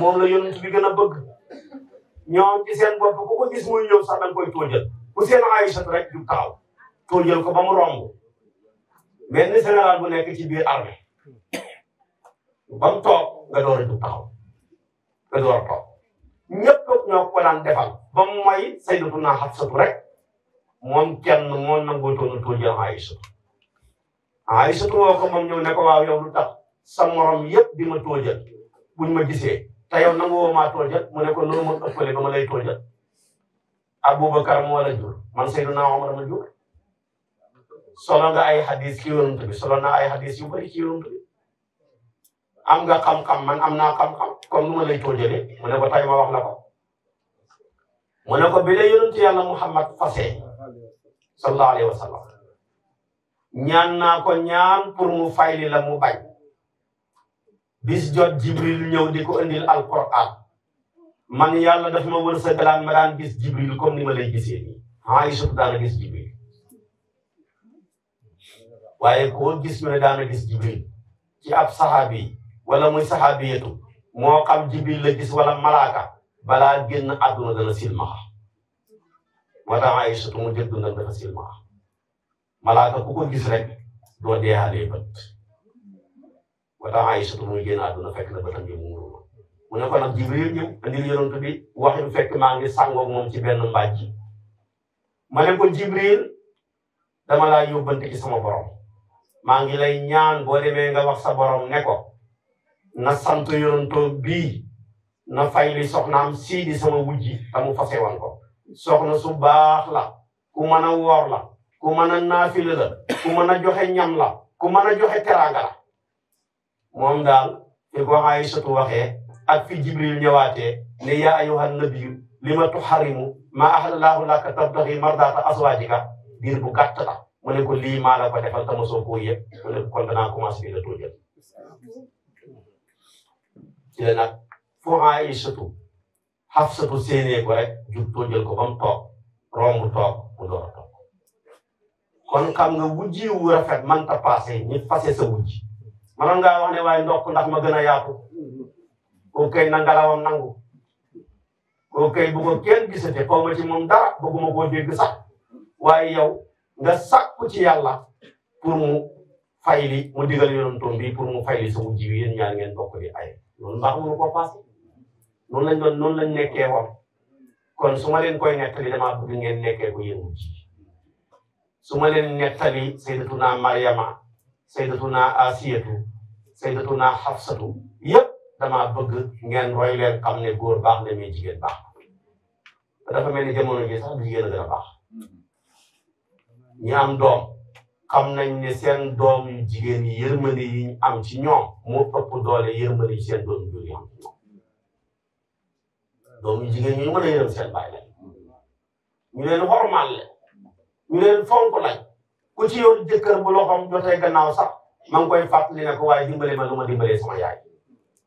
moom la yonent bi gën a bëgg ñoom ci seen bopp ku ko gis muy ñëw sax da nga koy tóojal taxaw tóojal ko ba mu romb benn général bu nekk ci biir armée ba mu toog nga door a jug taxaw nga door a toog ñëpp ñoo ko daan defal ba mu mooy Sayyidatuna Hafsatu rek moom kenn moo nangoo toon a tóojal Aïcha Aïssa tuwa ko mom ñew ne ko waaw yow lu tax sa morom yépp di ma tojal buñ ma gisee te yow nangu woo ma tojal mu ne ko lu mu ëppale ba ma lay toojal Aboubacar mo la jur man sayyiduna umar ma jur solo nga ay hadis ci yonent bi solo na ay hadis yu bari ci yonent bi am nga xam-xam man amna naa xam-xam comme nu ma lay tojale mu ne ko tay ma wax la ko mu ne ko bi yalla Muhammad fase sallallahu alaihi wasallam. ñaan naa ko ñaan pour mu fayli la mu bañ bis jot jibril ñëw di ko indil alquran man yàlla daf ma wërsëgalaan ma daan gis jibril comme ni ma lay gisee nii Aïcha daana gis jibril waaye koo gis ñu ne daana gis jibril ci ab saxaabi wala muy saxaabiyatu moo xam jibril la gis wala malaaka balaa génn àdduna dana silmaxa moo tax Aïcha mu jël dundam dafa silmaxa मला आता कुकून दिसलंय किंवा देह आले पण wata to muy génn aduna fekk na bëtam bi mu ngi mu ne ko nag jibril ñëw andil yonent bi waxu fekk maa ngi sàngoog mom ci benn mbacc ma ko jibril dama la yobante ci sama borom ma ngi lay ñaan bo demee nga wax sa borom ne ko na sant yonentoo bi na fay li soxnaam si di sama wujji tamu mu fasewan ko soxna su baax la ku wor la ku mën a naafila la ku mën a joxe ñam la ku mën joxe teraanga moom daal fi ko Aysatu waxee ak fi Jibril ñëwaatee ne yaa ayyuhan nabiyyu lima tuharrimu maa ahallallaahu laka tabtaghii mardaata azwaajika biir bu gàtt la mu ne ko lii maa ko defal te mosoo koo yëg mu ne kon danaa la tuujal ci la nag foo Hafsatu séenee ko rek jub tuujal ko ba mu toog romb toog mu door kon xam nga wujji wu rafet man ta passé ñu fase sa wujj mënoon ngaa ne waaye ndokk ndax ma gën a yaatu kooku kay nangalawam nangu kooku kay bu ko kenn gisate ci moom dara bëgguma koo dégg sax waaye yow nga sàkku ci yàlla pour mu fay li mu digal yonantoom bi pour mu fay li sa wujj bi yéen ñaar ngeen bokk di ay loolu mbaax mënu ko passé noonu lañ doon nekkee woon kon su ma leen koy nettali damaa bëgg ngeen nekkee ko yéen wujj su ma leen nettali sayyidatuna Maryama sayyidatuna Asiyatu sayyidatuna Hafsatu yëpp damaa bëgg ngeen roy leen ne góor baax na mais jigéen baax te dafa mel ni jamono ji sax jigéen a gën a baax am doom xam nañ ne seen doom jigéen yi yërmande yi am ci ñoom mu ëpp doole yërmande yi seen doom yu doom jigéen ñi ñu mën a seen bàyyi la ñu leen xormaal leen ñu leen fonk lañ ku ci yor jëkkër bu loxoom jotee gannaaw sax maa ngi koy fàttali ne ko waaye dimbale ma lu ma dimbalee sama yaay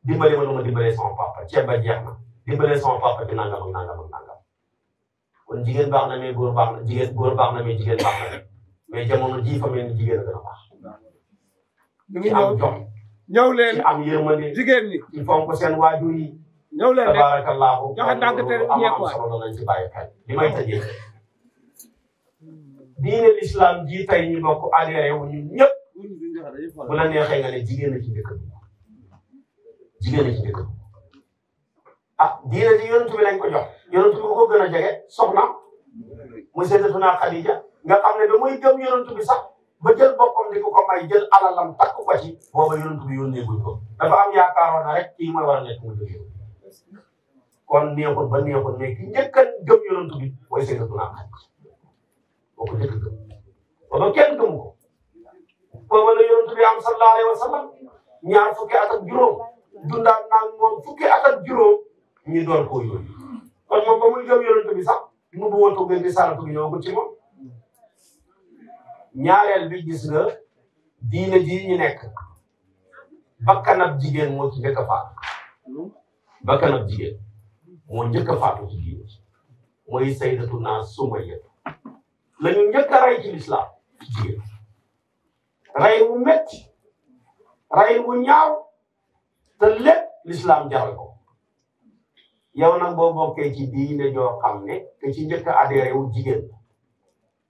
dimbale ma lu ma dimbalee sama papa ceeb ba jeex na dimbalee sama papa ci nangam ak nangam ak nangam kon jigéen baax na mais góor baax na jigéen góor baax na mais jigéen baax na mais jamono jii fa mel ni jigéen a gën a baax. am jom ñëw leen am yërmande jigéen ñi ci fonk seen waajur yi. ñëw leen rek tabaarakallaahu joxe ndànk te ñeekuwaay am am diine l'islam ji tey ñu bokk adhéré wu ñun ñëpp bu la neexee nga ne jigéen a ci dëkk bi jigéen a ci dëkk bi ah diine ji yonent bi lañ ko jox yonent bi ko gën a jege soxna mu Sayyidatuna Khadija nga xam ne da muy gëm yonent bi sax ba jël boppam di ko ko may jël alalam takk ko ci booba yonent bi yónnee guñ ko dafa am yaakaaroon na rek kii mooy war a nekk mu jógee kon neexul ba neexul mais ki njëkk a gëm yonent bi mooy Sayyidatuna Khadija boo ko jënd gëm wala kenn bi am sallallahu alayhi wa sallam ñaar fukki at ak dundaat naa moom fukki at ak juróom door koo yóbbu kon moom ba muy gëm mu bu woto gën di saalatu gi ñëwagul ci moom ñaareel bi gis nga diine ji ñu nekk bakkanab jigéen moo ci njëkk a faatu bakkanab jigéen moo njëkk a faatu ci diine mooy sayyidatuna Sumayya lañu njëkk a rey ci lislaam rey wu métti rey wu ñaaw te lépp lislaam jaral ko yow nag boo bokkee ci diine joo xam ne te ci njëkk a adhéré wu jigéen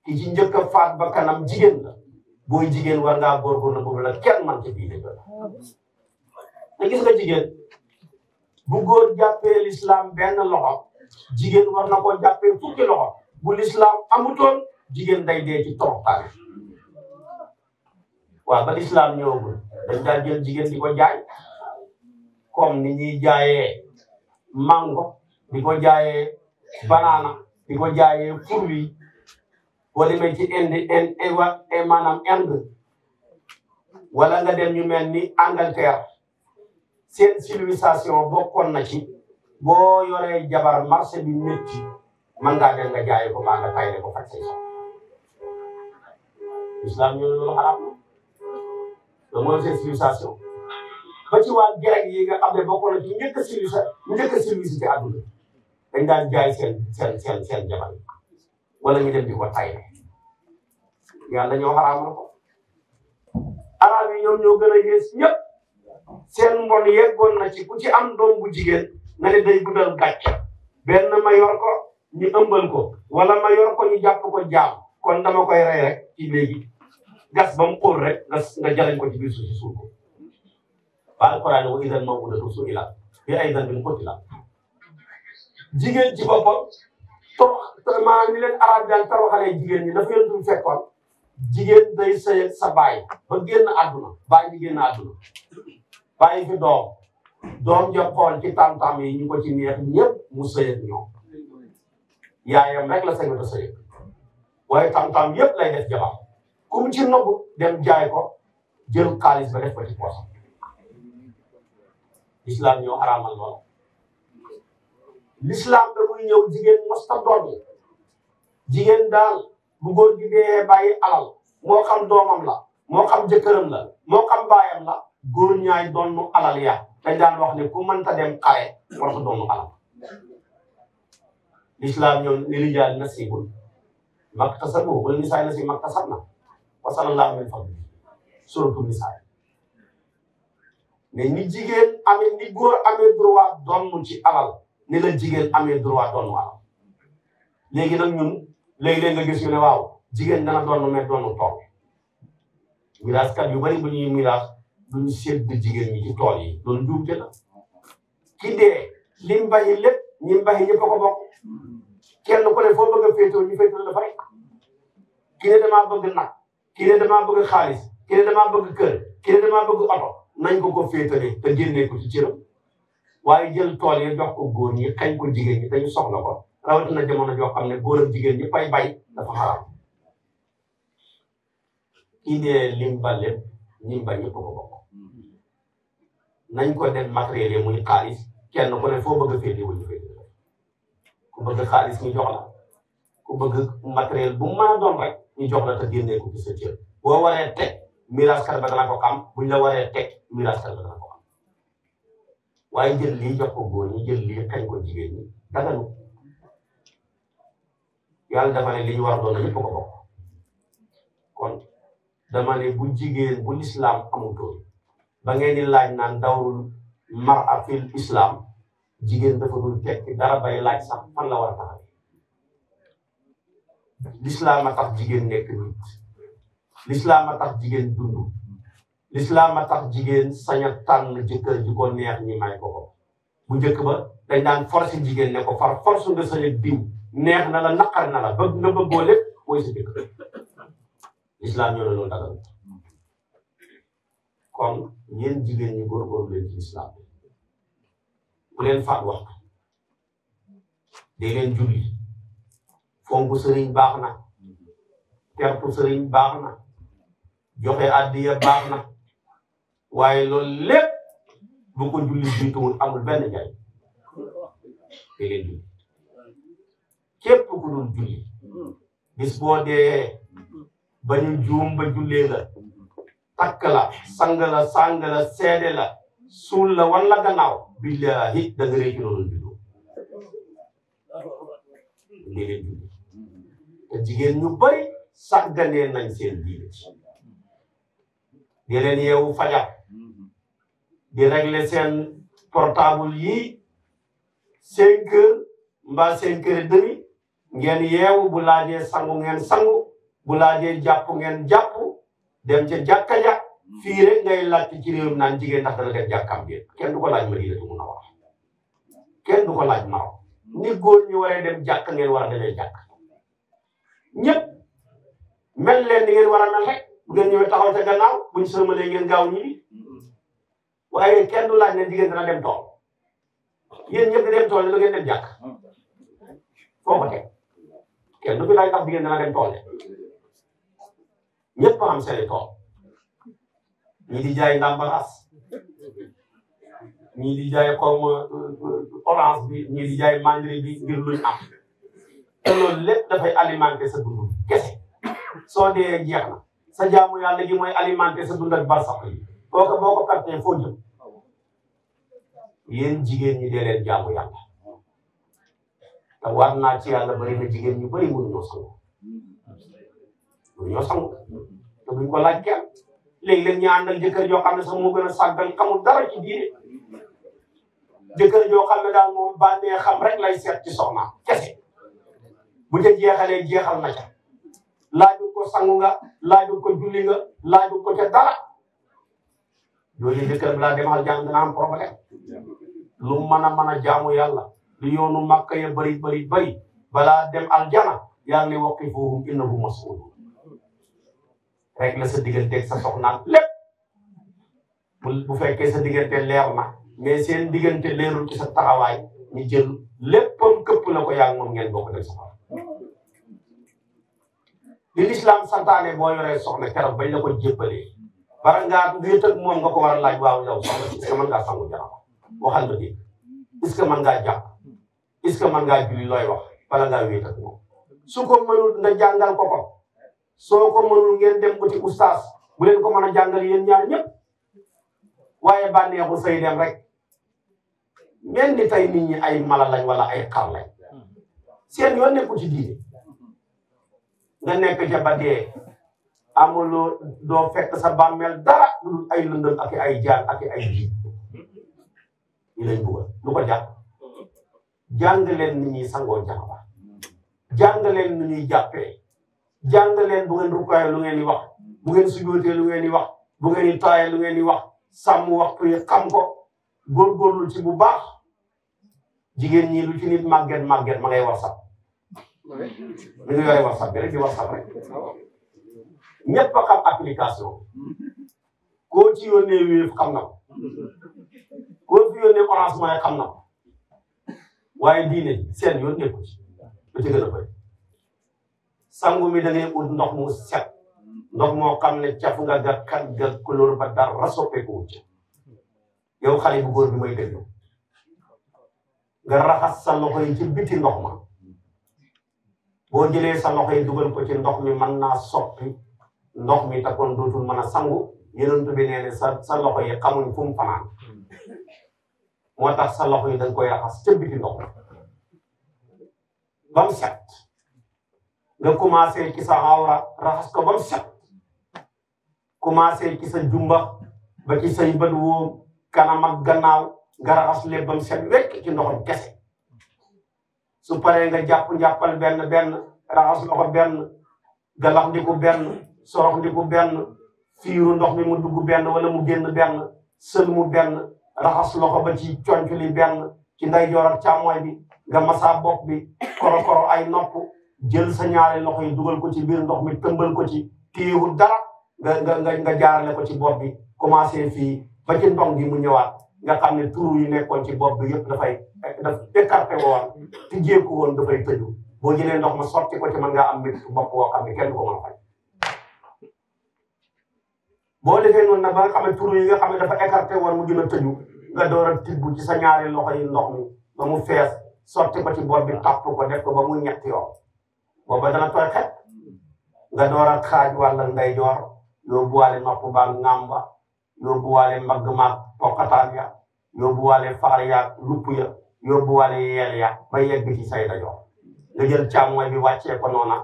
la ci njëkk a faat ba kanam jigéen la booy jigéen war ngaa góorgóorlu boobu la kenn man ci diine joo te gis jigéen bu góor jàppee lislaam benn loxo jigéen war na ko jàppee fukki loxo bu lislaam amutoon jigéen day dee ci toroxtaane waaw ba lislaam ñëwagul dañ jigéen di ko jaay ni ñuy jaayee mango di ko jaayee banaana di ko jaayee fruits boo demee ci indi indi maanaam Inde nga dem ñu mel ni Angleterre seen civilisation bokkoon na ci boo yoree jabar marché bi métti mën ngaa dem maa nga tayle ko faj islam ñoo ne loolu arab la loolu mooy seen civilisation ba ci waa grec yi nga xam ne na ci njëkk a civilisé njëkk a civilisé ci àdduna dañ daan jaay seen seen seen seen jabar ko tayle yàlla ñoo gën a yées ñëpp seen mbon yeggoon na ci ku ci am doom bu jigéen nga ne day guddal gàcce benn ma yor ko ñu ëmbal ma yor ko ñu jàpp ko jaam kon dama koy rey rek ci gas ba mu xóol rek nga nga jaleñ ko ci biir suuf si suul ko ba alquran wa idan mawudatu su'ilat bi ay dambin qutilat jigéen ci boppam torox maanaam ni leen arab daan toroxalee jigéen ñi dafa yéen dul fekkoon jigéen day sëy ak sa baay ba génn àdduna baay ji génn àdduna bàyyi fi doom doom ja xool ci tam-tam yi ñu ko ci neex ñëpp mu sëy ak ñoom yaayam rek la sañu ta sëy waaye tam-tam yëpp lay def jabar kum ci nëbb dem jaay ko jël xaalis ba def ko ci islam ñoo araamal lool l'islam dafay ñew jigen mosta doomi jigen dal bu goor gi dee bàyyi alal moo xam doomam la moo xam jëkkëram la moo xam baayam la góor ñaay doonnu alal ya dañ daan wax ne ku ta dem xale war ko doonnu alal l'islam ñoom lirijaal nasibul mak wala nisaay nasib maktasab wasallallahu min fadli suratu nisaa mais ni jigéen amee ni góor amee droit donnu ci alal ni la jigéen amee droit donnu alal léegi nag ñun léeg-léeg nga gis ne waaw jigéen dana donnu mais donnu tool miraas kat yu bari bu ñuy miraas duñu sédd jigéen ñi ci tool yi loolu njuumte ki dee lim bayi lépp ñi bayi ñëpp a ko bokk kenn ku ne foo bëgg a féetoo ñu féetoo la fay ki ne damaa bëgg nag kii ne damaa bëgg xaalis kii ne damaa bëgg kër kii ne damaa bëgg oto nañ ko ko féetale te génnee ko ci cëram waaye jël tool yi jox ko góor ñi xañ ko jigéen ñi dañu soxla ko rawatina jamono joo xam ne góor jigéen ñi fay bay dafa xaraam kii ne lim ba lépp ñim ba ñëpp ko bokk nañ ko den matériel yi muy xaalis kenn ku ne foo bëgg a féete wuñu féete ku bëgg xaalis ñu jox la ku bëgg matériel bu mu mën rek ñu jox la te génnee ko ci sa cër boo waree teg miraaskat ba dana ko am buñ la waree teg miraaskat ba dana ko am waaye jël lii jox ko góor ñi jël lii xañ ko jigéen ñi daganu yàlla dafa ne li ñu war doon ñëpp ko bokk kon dama ne bu jigéen bu lislaam amutoon ba ngeen laaj naan dawrul mar islam jigéen dafa dul tekki dara bay laaj sax la war a taxaw l'islam a tax jigéen nekk nit l'islam a tax jigéen dund l'islam a tax jigéen sañ a tànn jëkkër ko neex ni may ko ko bu njëkk ba dañ daan force jigen ne ko far force nga sañ a diw neex na la nakar na la ba nga ba bolé koy ci jëkkër l'islam ñu la dagal kon jigen ñu gor gor leen ci bu leen fa wax de leen julli fonk sëriñ baax na tertu sëriñ baax na joxe addiya baax na waaye loolu bu ko julli jiituwul amul benn jaay te leen julli képp ku dul julli bis boo dee ba ñu juum ba jullee la takk la sang la sang la seede la suul la wan gannaaw billahi da nga réccu loolu juddoo léeg-léeg jigen ñu bari sàgganee nañ seen diine di leen yewu faja di régler seen portable yi cinq heures mba cinq heures demi ngeen yewu bu laaje sangu ngeen sangu bu laaje japp ngeen japp dem ci jàkka ja fii rek ngay lacc ci réewum naan jigen tax dana def jàkkaam déet kenn duko laaj ma diine mun a wax kenn duko laaj ma ni goor ñu waré dem jakk ngeen war dalé jakk ñëpp mel leen ni ngeen war a mel rek bu ngeen ñëwee taxaw sa gannaaw buñ sërmalee ngeen gaaw ñi waaye kenn du laaj ne jigéen dana dem tool yéen ñëpp di dem tool la ngeen dem jàkk foo ko teg kenn du fi laaj ndax jigéen dana dem tool ñëpp am seeni tool ñii di jaay ndàmbaraas ñii di jaay xawma euh, euh, orange bi ñii di jaay mandri bi ngir luñ am te loolu lépp dafay alimenter sa dund kese soo dee jeex na sa jaamu yàlla gi mooy alimenter sa dund ak barsax yi boo ko boo ko perte foo jëm yéen jigéen ñi dee leen jaamu yàlla te war naa ci yàlla bëri na jigéen ñu bëri mënuñoo sangu mënuñoo sangu te buñ ko laaj kenn léegi leen ñu àndal jëkkër joo xam ne sax moo gën a sàggal xamul dara ci diine jëkkër joo xam ne daal moom bànnee xam rek lay seet ci soxna kese bu ca jeexalee jeexal na ca laaj ko sangu nga laaj ko julli nga laaj ko ca dara yooyu la dem demal jang na am problème lu mën a jaamu yàlla lu yoonu màkka ya bari bëri bëri balaa dem aljana yàlla ne waqifuhum innahum mas'ulun rek la sa digganteeg sa soxna lepp bu fekkee sa te leer na mais seen diggante leerul ci sa taxaway ni jël leppam kepp la ko ngeen bokk def sa li lislaam santaane boo yoree soxna keroog bañ la ko jébbalee bara ngaa wéetak moom nga ko war a laaj waaw yow soxna est-ce que mën ngaa sangu janaba waxal nga dégg est-ce que mën ngaa jàpp est-ce que bala ngaa wéet moom su ko mënul nga ko ko soo ko mënul ngeen dem uti ustaas bu leen ko mën a jàngal yéen ñaar ñëpp waaye bànneexu say dem rek mel ni tey nit ñi ay mala lañ wala ay xar lañ seen yoon nekku ci diine nga nekk ca ba dee amuloo doo fekk sa bàmmeel dara lu ay lëndëm ak ay jaan ak ay ji ñu lay dugal lu ko jàpp jàng leen ni ñuy sangoo jànaba jàng leen ni ñuy jàppee jàng leen bu ngeen rukkaay lu ngeen di wax bu ngeen lu ngeen di wax bu ngeen di lu ngeen di wax sàmm yi xam ko góorgóorlu ci bu baax jigéen ñi lu ci nit màgget màgget ma ngay wax sax li ñu yore whatsapp bi rek di whatsapp rek ñëpp a xam application koo ci yónnee wéef xam na ko koo ci yónnee orange mooy xam na waaye diine seen yoon nekku ci lu ci gën a bëri sangu mi da ngay mu set ndox moo xam ne caf nga ga kat ga couleur ba dara soppeeku wu ci yow xale bu góor bi may déglu nga raxas loxo yi ci biti ndox ma bo jëlee sa loxo yi dugal ko ci ndox mi man na soppi ndox mi takon kon dootul mën a sangu yonent bi neene sa sa loxo yi xamuñ fu mu fanaan moo sa loxo dang koy raxas ci biti ndox bam mu nga commencé ci sa awra raxas ko bam commencé ci sa jumba ba ci say bët wo kanam mag gannaaw nga raxas le bam ci ndox su paree nga jàpp jàppal benn benn raxas loxo benn galax ndiku benn sorox ndiku benn fiiru ndox mi mu dugg benn wala mu génn benn sël mu benn raxas loxo ba ci conc benn ci ndeyjoor ak càmmooñ bi nga masaa bopp bi koro koro ay nopp jël sa ñaari loxo yi dugal ko ci biir ndox mi tëmbal ko ci téyewu dara nga nga nga jaarale ko ci bopp bi commencé fii ba ci ndong gi mu ñëwaat nga xam ne tur yu nekkoon ci bopp bi yëpp dafay daf écarté woon ci jéeku woon dafay tëju boo jëlee ndox ma sotti ko ci mën ngaa am métti bopp boo xam ne kenn ko mën a faj boo defee noonu nag ba nga xam ne tur yi nga xam ne dafa écarté woon mu gën a tëju nga door a tibb ci sa ñaari loxo yi ndox mi ba mu fees sotti ko ci bopp bi topp ko def ba muy ñetti yoon booba dana tooy xet nga door a xaaj wàll ndeyjoor yóbbuwaale nopp ba ngàmba yóbbuwaale mbagg maag kokkataan ya yóbbuwaale faar ya lupp ya yóbbuwaale yeel ya ba yegg ci say dajoor nga jël càmmooñ bi wàccee ko noona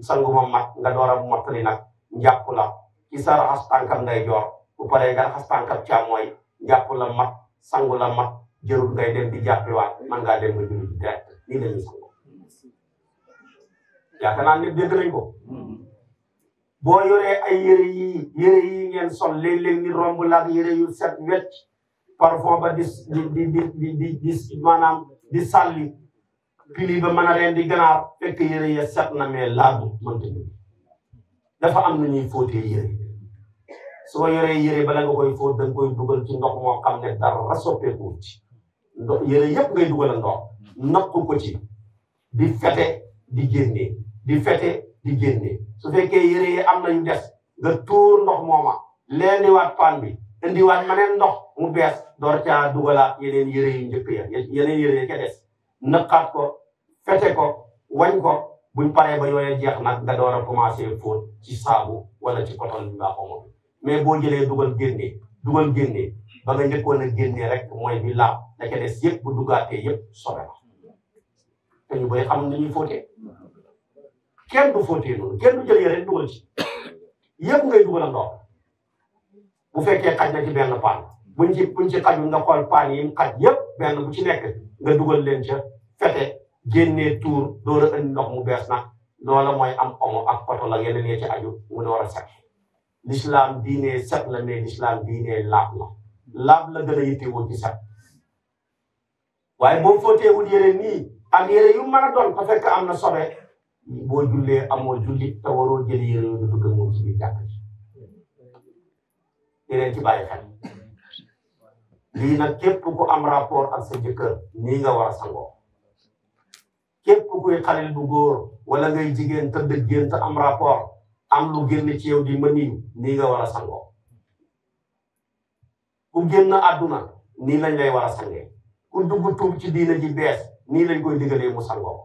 sanguma mat nga door a mottali nag njàpp la ci sa raxas tànkam joor bu paree nga raxas tànkam càmmooñ njàpp la mat sangu la mat jërul ngay dem di jàppiwaat man ngaa dem nga julli direct lii sangu yaakaar naa ne dégg boo yoree ay yére yii yére yii ngeen sol léeg-léeg romb laak yére yu set wecc parfois ba di di di di di maanaam di sàlli pili ba mën di ganaar fekk yére ya set na mais laabu mënta ñu dafa am na ñuy fóotee yére soo yore yére bala nga koy fóot danga dugal ci ndox moo xam ne dara soppeeku ci ndox yére yëpp ngay dugal ndox naqu ko ci di fete di génne di fete di génne su fekkee yére yi am na des nga tuur ndox mooma leendiwaat paan bi indiwaat maneen ndox mu bees door caa dugalaat yeneen yére yu njëkk ya yeneen yére ya ca des nëqaat ko fete ko wañ ko bu paree ba yooyee jeex nag nga door a commencé fóot ci saabu wala ci coton bi nga xamoon mais boo jëlee dugal génne dugal génne ba nga njëkkoon a génne rek mooy bi laab la ca des yëpp bu duggaatee yëpp sobe la te ñu bëri xam ni ñuy fóotee kenn du fóotee noonu kenn du jël yére dugal ci yëpp ngay dugal ndox bu fekkee xaj na ci benn paan bu ci buñ nga xool paan yi xaj yëpp benn bu ci nekk nga dugal leen ca fete génnee tuur door a mu bees na loola mooy am omo ak poto la yeneen yee ci aju mu door a set l'islam diine set la mais l'islam diine laab la laab la gën a yittewoo ci set waaye boo fóoteewul yére nii ak yére yu mën a doon te fekk am na sobe boo jullee amoo julli te waroo jël yére yooyu dugg moom ci biir ci bàyyi xel lii képp ku am rapport ak sa nii nga war a sangoo képp kuy xalil bu góor wala ngay jigéen te dëggeen te am rapport am lu génn ci yow di mëniyu nii nga war a ku génn àdduna nii lañ lay war a sangee ku dugg tuub ci diina ji bees nii lañ koy diggalee mu sangoo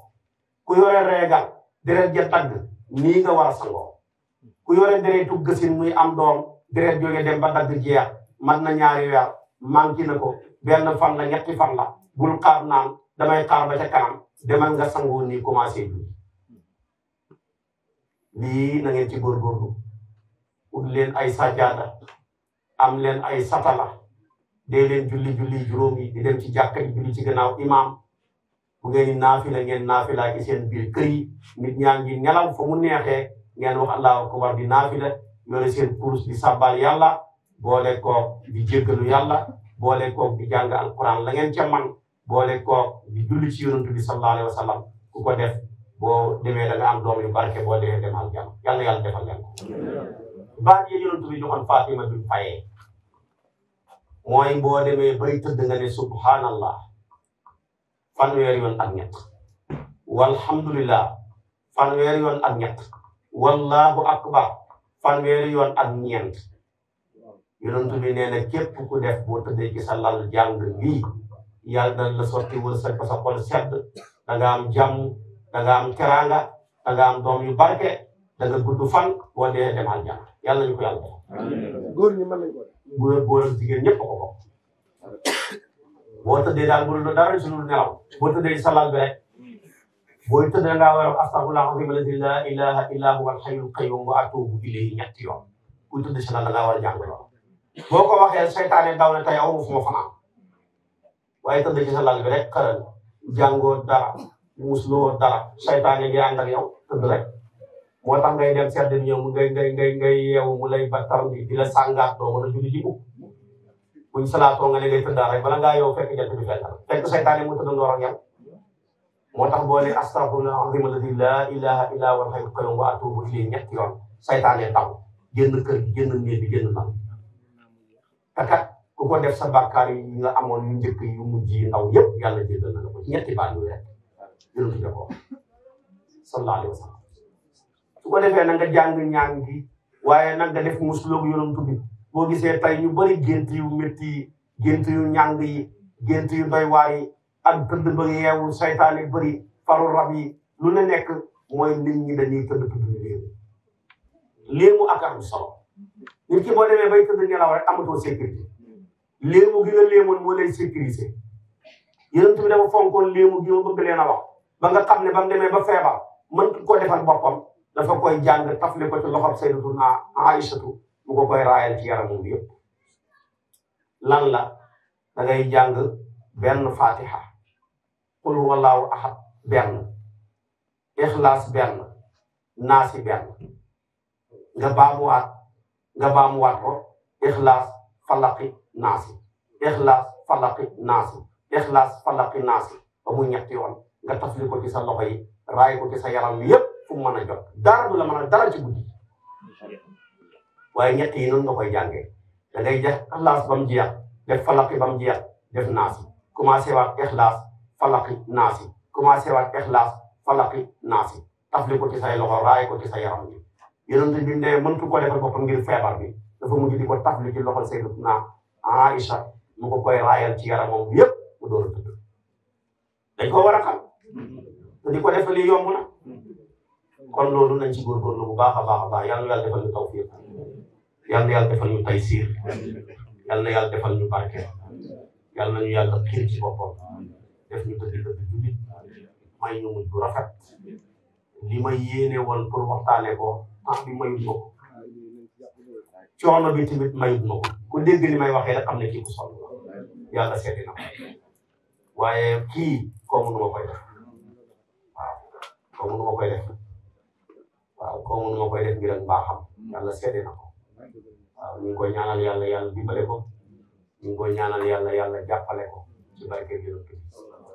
ku yore reegal deret ja tagg nii nga war a sangoo ku yore deretu gësin muy am doom deret jóge dem ba dagg jeex man na ñaari weer manqué na ko benn fan la ñetti fan la bul xaar naan damay xaar ba ca kanam demal nga sangoo nii commencé bi lii na ci góorgóorlu ut leen ay sajaada am leen ay satala dee leen julli julli juróom yi dem ci jàkka di julli ci gannaaw imaam bu ngeen naafila ngeen naafila ci seen biir kër ñaa ngi nelaw mu neexee ngeen wax allahu akbar di naafila yore seen kurus di sabbal yàlla boole koog di jéggalu yàlla boole koog di jàng alquran la ngeen ca man boole koog di julli ci yonent bi sallallahu alayhi wa ku ko def boo demee da am doom barke boo demee demal jàmm yàlla yàlla defal leen ko baat yi yonent bi joxoon Fatima bi fayee mooy boo demee bay tëdd nga fanweer yon ak ñet walhamdulillah fanweer yon ak ñet wallahu akbar fanweer yon ak ñent yonentu bi neena na ku def bo tedde ci sa lal jàng lii yàlla dana la sotti wërsëg ba sa xol sedd da nga am jam da nga am teranga da nga am doom yu barke da nga guddu fan bo de dem yalla ñu ko yalla ñi mën nañ ko ko boo tëddee daal bulu dul dara su dul nelaw boo tëddee salaat bi rek booy tëdd da ngaa war a astaghfirullah azim alladi la ilaha illa huwa alhayyul qayyum wa atubu ilayhi ñetti yoon kuy tëdd salaat da ngaa war a jàng lool boo ko waxee seytaane daw na tey awu fu ma fanaan waaye tëdd ci salaat bi rek xaral jàngoo dara musloo dara seytaane ngi ànd ak yow tëdd rek moo yang mulai dem sedd ñëw ngay ngay ngay di buñ salaatoo nga léegi tëddaal rek bala ngaa yow fekk jant bi fenk fekk seytaane mu tëdd ndoor ak yow moo tax boo ne astaghfirullah azim alladi laa ilaha illa huwa alhayyul qayyum wa atubu ilayhi ñetti yoon seytaane taw génn kër gi génn néeg bi génn na te kat ku ko def sa yi amoon yu njëkk yu mujj yi ndaw yëpp yàlla jéggal na ko ci ñetti baat yooyu rek yonent bi ko sallallahu alayhi wa sallam su ko defee na nga jàng ñaan gi waaye boo gisee tey ñu bari gént yu métti yi gént yu ñàng yi gént yu doy waar yi ak tëdd ba yeewu saytaane bëri faru rab yi lu ne nekk mooy nit ñi dañuy tëdd tëdd ñu léemu léemu ak am solo nit ki boo demee bay tëdd nelaw rek amatoo sécurité léemu gi nga léemoon moo lay sécuriser yonent bi dafa fonkoon léemu gi ma bëgg leen a wax ba nga xam ne ba mu demee ba feebar man ko defal boppam dafa koy jàng tafle ko ci loxob Sayyidatuna Aïchatu bu ko koy raayal ci bi yépp lan la da ngay jàng benn fatiha qul wallahu ahad benn ikhlas benn nasi benn nga baamuwaat nga baamuwaat ko ikhlas falaqi nasi ikhlas falaqi nasi ikhlas falaqi nasi ba mu ñetti yoon nga tafli ko ci sa loxo yi raay ko ci sa yaram yépp fu jot dara la mën dara ci guddi waaye ñett yi noonu nga koy jàngee da ngay def ixlaas ba def falaqi ba mu def naasi commencé waat ixlaas falaqi naasi commencé waat ixlaas falaqi naasi tafli ko ci say loxo raay ko ci sa yaram bi yonent bi ne mëntu ko defal boppam ngir feebar bi dafa mujj di ko tafli ci loxol Sayyidatuna Aïcha mu ko koy raayal ci yaramam bi yëpp mu door a tudd dañ ko war a xam te di ko def yomb na kon loolu nañ ci góorgóorlu bu baax a baax a baax yàlla yàlla defal yal na yàlla defal ñu taysiir yal na yàlla defal ñu barke yal na ñu yàlla xiir ci boppam def ñu dëgg dëgg jullit may ñu mujj bu rafet li may yéene woon pour waxtaanee ko temps bi mayut ma ko coono bi tamit mayut ma ko ku dégg li may waxee rek xam ne kii ku sonn yàlla seeti na ko waaye kii koo mënu ma koy def waaw koo mënu ma koy def waaw koo mënu ma koy def ngir ak mbaaxam yàlla seeti na ko. waaw ñu ngi koy ñaanal yàlla yàlla dimbale ko ñu ngi koy ñaanal yàlla yàlla jàppale ko ci barke yonent bi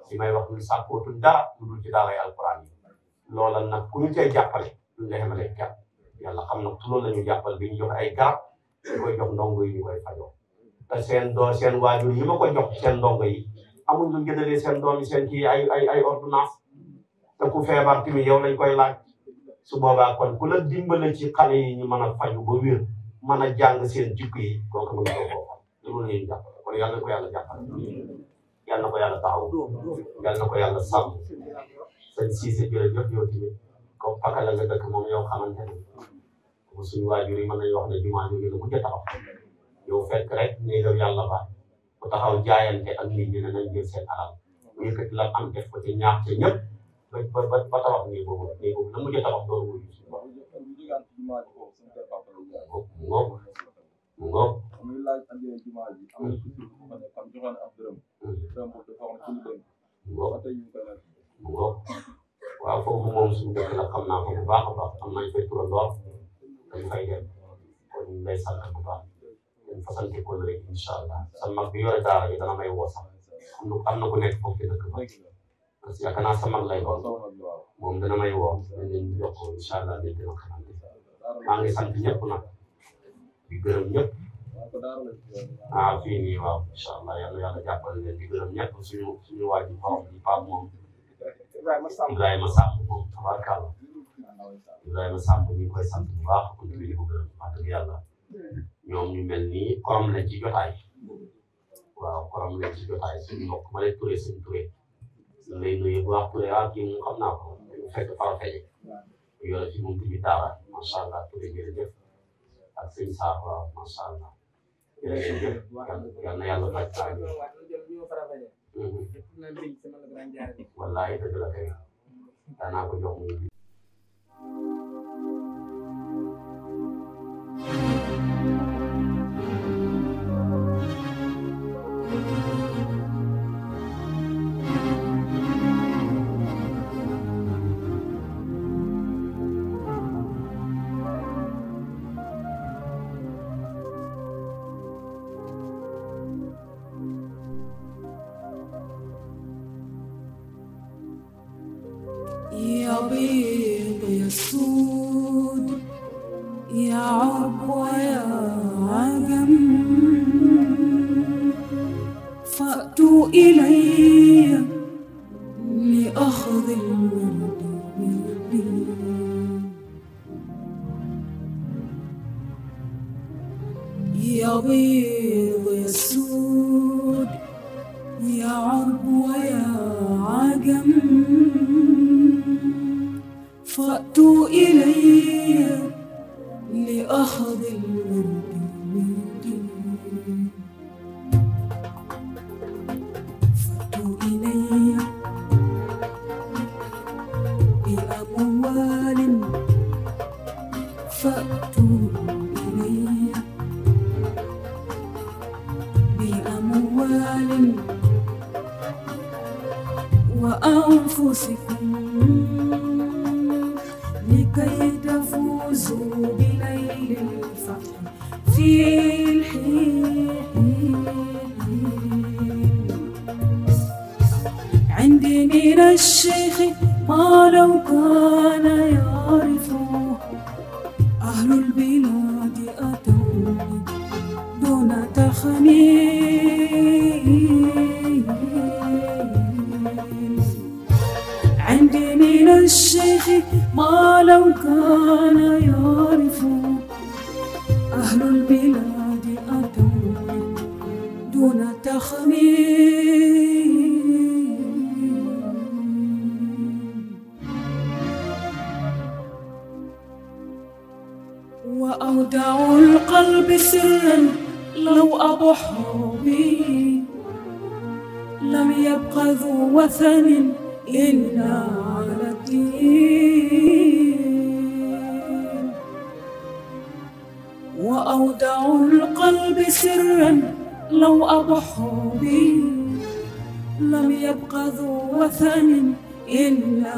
li may wax ñu sàkkootuñ dara lu dul ci daalay alquran yi loola nag ku ñu cay jàppale duñ la xemale jàpp yàlla xam na loolu la ñu jàppal bi ñu joxe ay garab ñu koy jox ndongo yi ñu koy fajoo te seen doo seen waajur yi ma ko jox seen ndongo yi amuñ lu gënalee seen doom yi seen kii ay ay ay ordonnance te ku feebar tamit yow lañ koy su boobaa kon ku la ci xale yi ñu mën a faju ba wér mana jang jàng seen ko ko ko mën na ko loolu ko ñuy jàppale ko yàlla ko ko yàlla ko yàlla na ko yàlla ko yàlla na ko yàlla ko sëñ Cissé ko yow tamit ko pakala nga ko moom yow ko ko moom ko waajur yi ko nañu wax ko jumaa jooju ko mujj a ko yow fekk ko ne yow ko ba bu ko jaayante ak ko ñi ne ko jël seen ko ko la am def ko ci ñaax ko ñëpp ba ba ba tabax ko boobu nii ko la mujj ko tabax dooru ko suñu ko ngoog ngoog muy laaj addiya jumaa ji am na toujours bu xam ne xam joxoon na ab dërëm dërëm la xam ko bu lay sant bu baax dañ fa sant ko rek incha bi yore daara bi dana may woo am na ku nekk foofu ci dëkk ba parce que lay doon moom dana may woo dañ leen yokk maa ngi sant ñëpp nag di gërëm ah fii nii waaw incha allah yàlla yàlla jàppale leen di gërëm ñëpp suñu suñu waa ji borom bi Pape moom Ibrahima Samb moom ñoom ñu mel nii korom lañ ci jotaay waaw korom lañ ci jotaay suñu mbokk ma lay turee suñu turee lay nuyu bu baax turee ah kii moom xam naa ko fekk par yore ci moom tamit daara macha allah premier def ak sëñ Saar waaw macha allah. jërëjëf yal na yàlla laaj saa ñu. Mm-hmm. wallaay dëgg la kay daanaa ko jox mu إليه إلا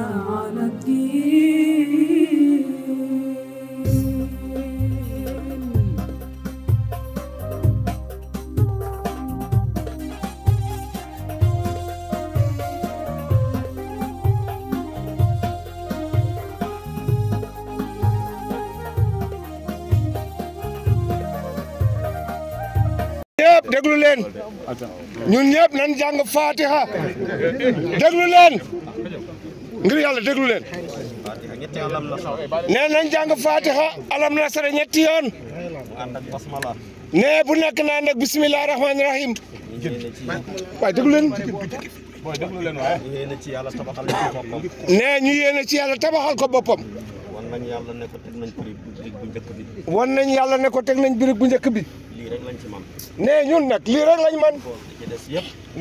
déglu len. ñun ñëpp nañ jàng Fatiha déglu len. ngir yàlla déglu leen nee nañ jàng fatiha alam nasara ñetti yoon nee bu nekk naa nag bisimilah rahmaani rahim waaye déglu leen nee ñu yéene ci yàlla tabaxal ko boppam wan nañ yàlla ne ko teg nañ birig bu njëkk bi wan nañ yàlla ne ko teg nañ birig bu njëkk bi lii rek lañ ci man nee ñun nag lii rek lañ man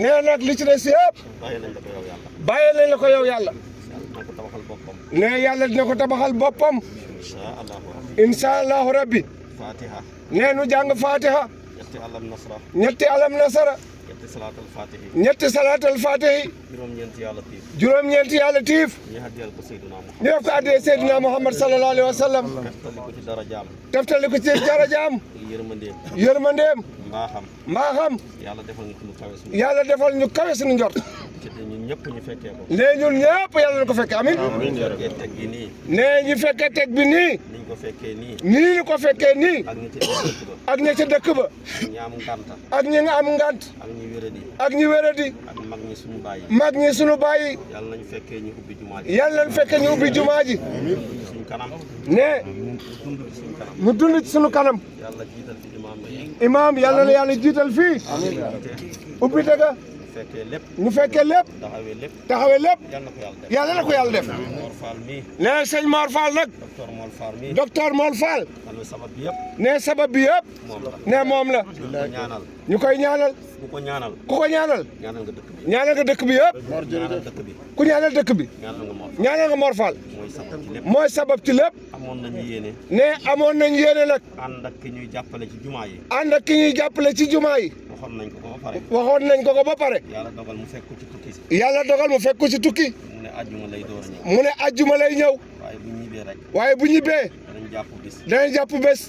nee nag li ci des la ko yow yàlla ne yàlla dina ko tabaxal boppam. incha allahu rabbi. nee nu jàng fatiha. ñetti alam nasara. ñetti alam nasara. ñetti salaatal fatihi. ñetti salaatal fatihi. juróom-ñeenti yàlla tiif. juróom-ñeenti yàlla tiif. ñu addeel ko Seydina Muhammad. ñu def ko addee Seydina Muhammad sallallahu alayhi wa sallam. teftali ko ci darajaam. teftali ko ci darajaam. yërmandeem. yërmandeem. mbaaxam. mbaaxam. yàlla defal ñu kawe suñu. yàlla defal ñu kawe suñu njort. ñun ñëpp ñu fekkee ko. nee ñun ñëpp yàlla na ko fekkee amin. nee ñu fekkee teg bi nii. nii nu ko fekkee nii. nii ñu ko ak ña ca dëkk ba. ak ña am ngant. ak ñi nga am ngant. ak ñi wéradi. ak ñi wéradi. ak mag ñi sunu baay mag ñi sunu baay yi. yàlla nañu ñu ubbi jumaa ji. yàlla nañu fekkee ñu ubbi jumaa ji. nee mu dund sunu kanam. imaam yàlla na yàlla jiital fii. ubbi tega. fekkee lépp. mu fekkee lépp. taxawee lépp. taxawee lépp. yàlla na ko yàlla def. yàlla na ko yàlla def. Mor Fall mii. nee sëñ Mor Fall nag. docteur Mor Fall mii. nee sabab bi yëpp. nee sabab bi yëpp. moom la nee moom la. ñu koy ñaanal. ku ko ñaanal. ku ko ñaanal. nga dëkk bi. ñaanal nga dëkk dëkk bi. ku ñaanal dëkk bi. ñaanal nga Mor Fall. ñaanal nga Mor Fall. mooy sabab ci lépp. mooy sabab amoon nañu yéene. nee amoon nañu yéene nag. ànd ak ki ñuy jàppale ci jumaa yi. ànd ak ki ci jumaa yi. waxoon nañ ko ko ba pare. waxoon nañ ko ko ba pare. yàlla dogal mu fekk ci tukki yàlla dogal mu fekk ci tukki. mu ne ajjuma lay door a ñëw. mu ne ajjuma lay ñëw. waaye bu ñibbee rek. waaye bu ñibbee. danañ jàpp bés. danañ jàpp bés.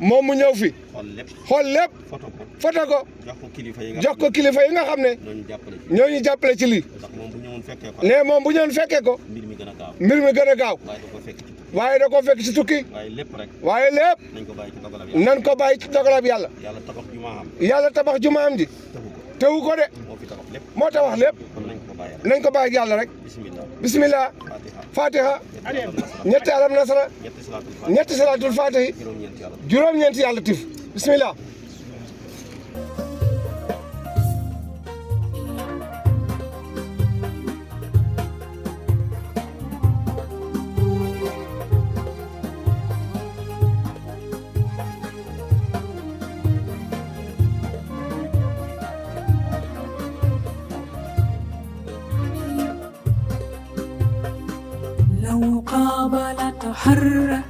moom mu ñëw fi. xool lépp xool lépp. foto ko foto ko. jox ko kilifa yi nga ko kilifa yi nga xam ne. ñooñu jàppale ci ñooñu jàppale ci lii. ndax moom bu ñëwoon fekkee ko. nee moom bu ñëwoon fekkee ko. mbir mi gën a mbir mi gën a gaaw. waaye da koo fekk si tukki. waaye lépp rek. waaye lépp. nañ ko bàyyi ci bàyyi ci dogalab yàlla. yàlla tabax jumaam. yàlla tabax jumaam di. tewu ko de. moo fi tabax lépp. moo tabax lépp. nañ ko bàyyi yàlla rek. bisimilah. fatiha. ñetti alam nasara. ñetti salaatul fatihi. juróom-ñeenti yàlla tif bisimilah. قابل تحرك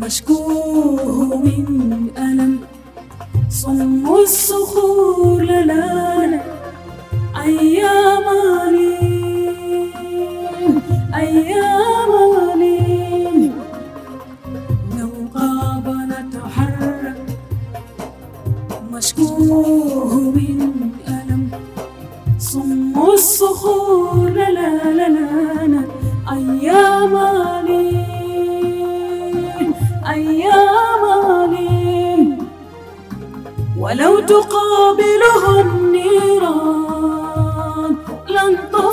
مشكوه من ألم صم الصخور لنا أياماني أياماني لو قابل تحرك مشكوه من ألم صم الصخور لا لا لا, لا أيام علي أيام علي ولو تقابلهم نيران لن تفضل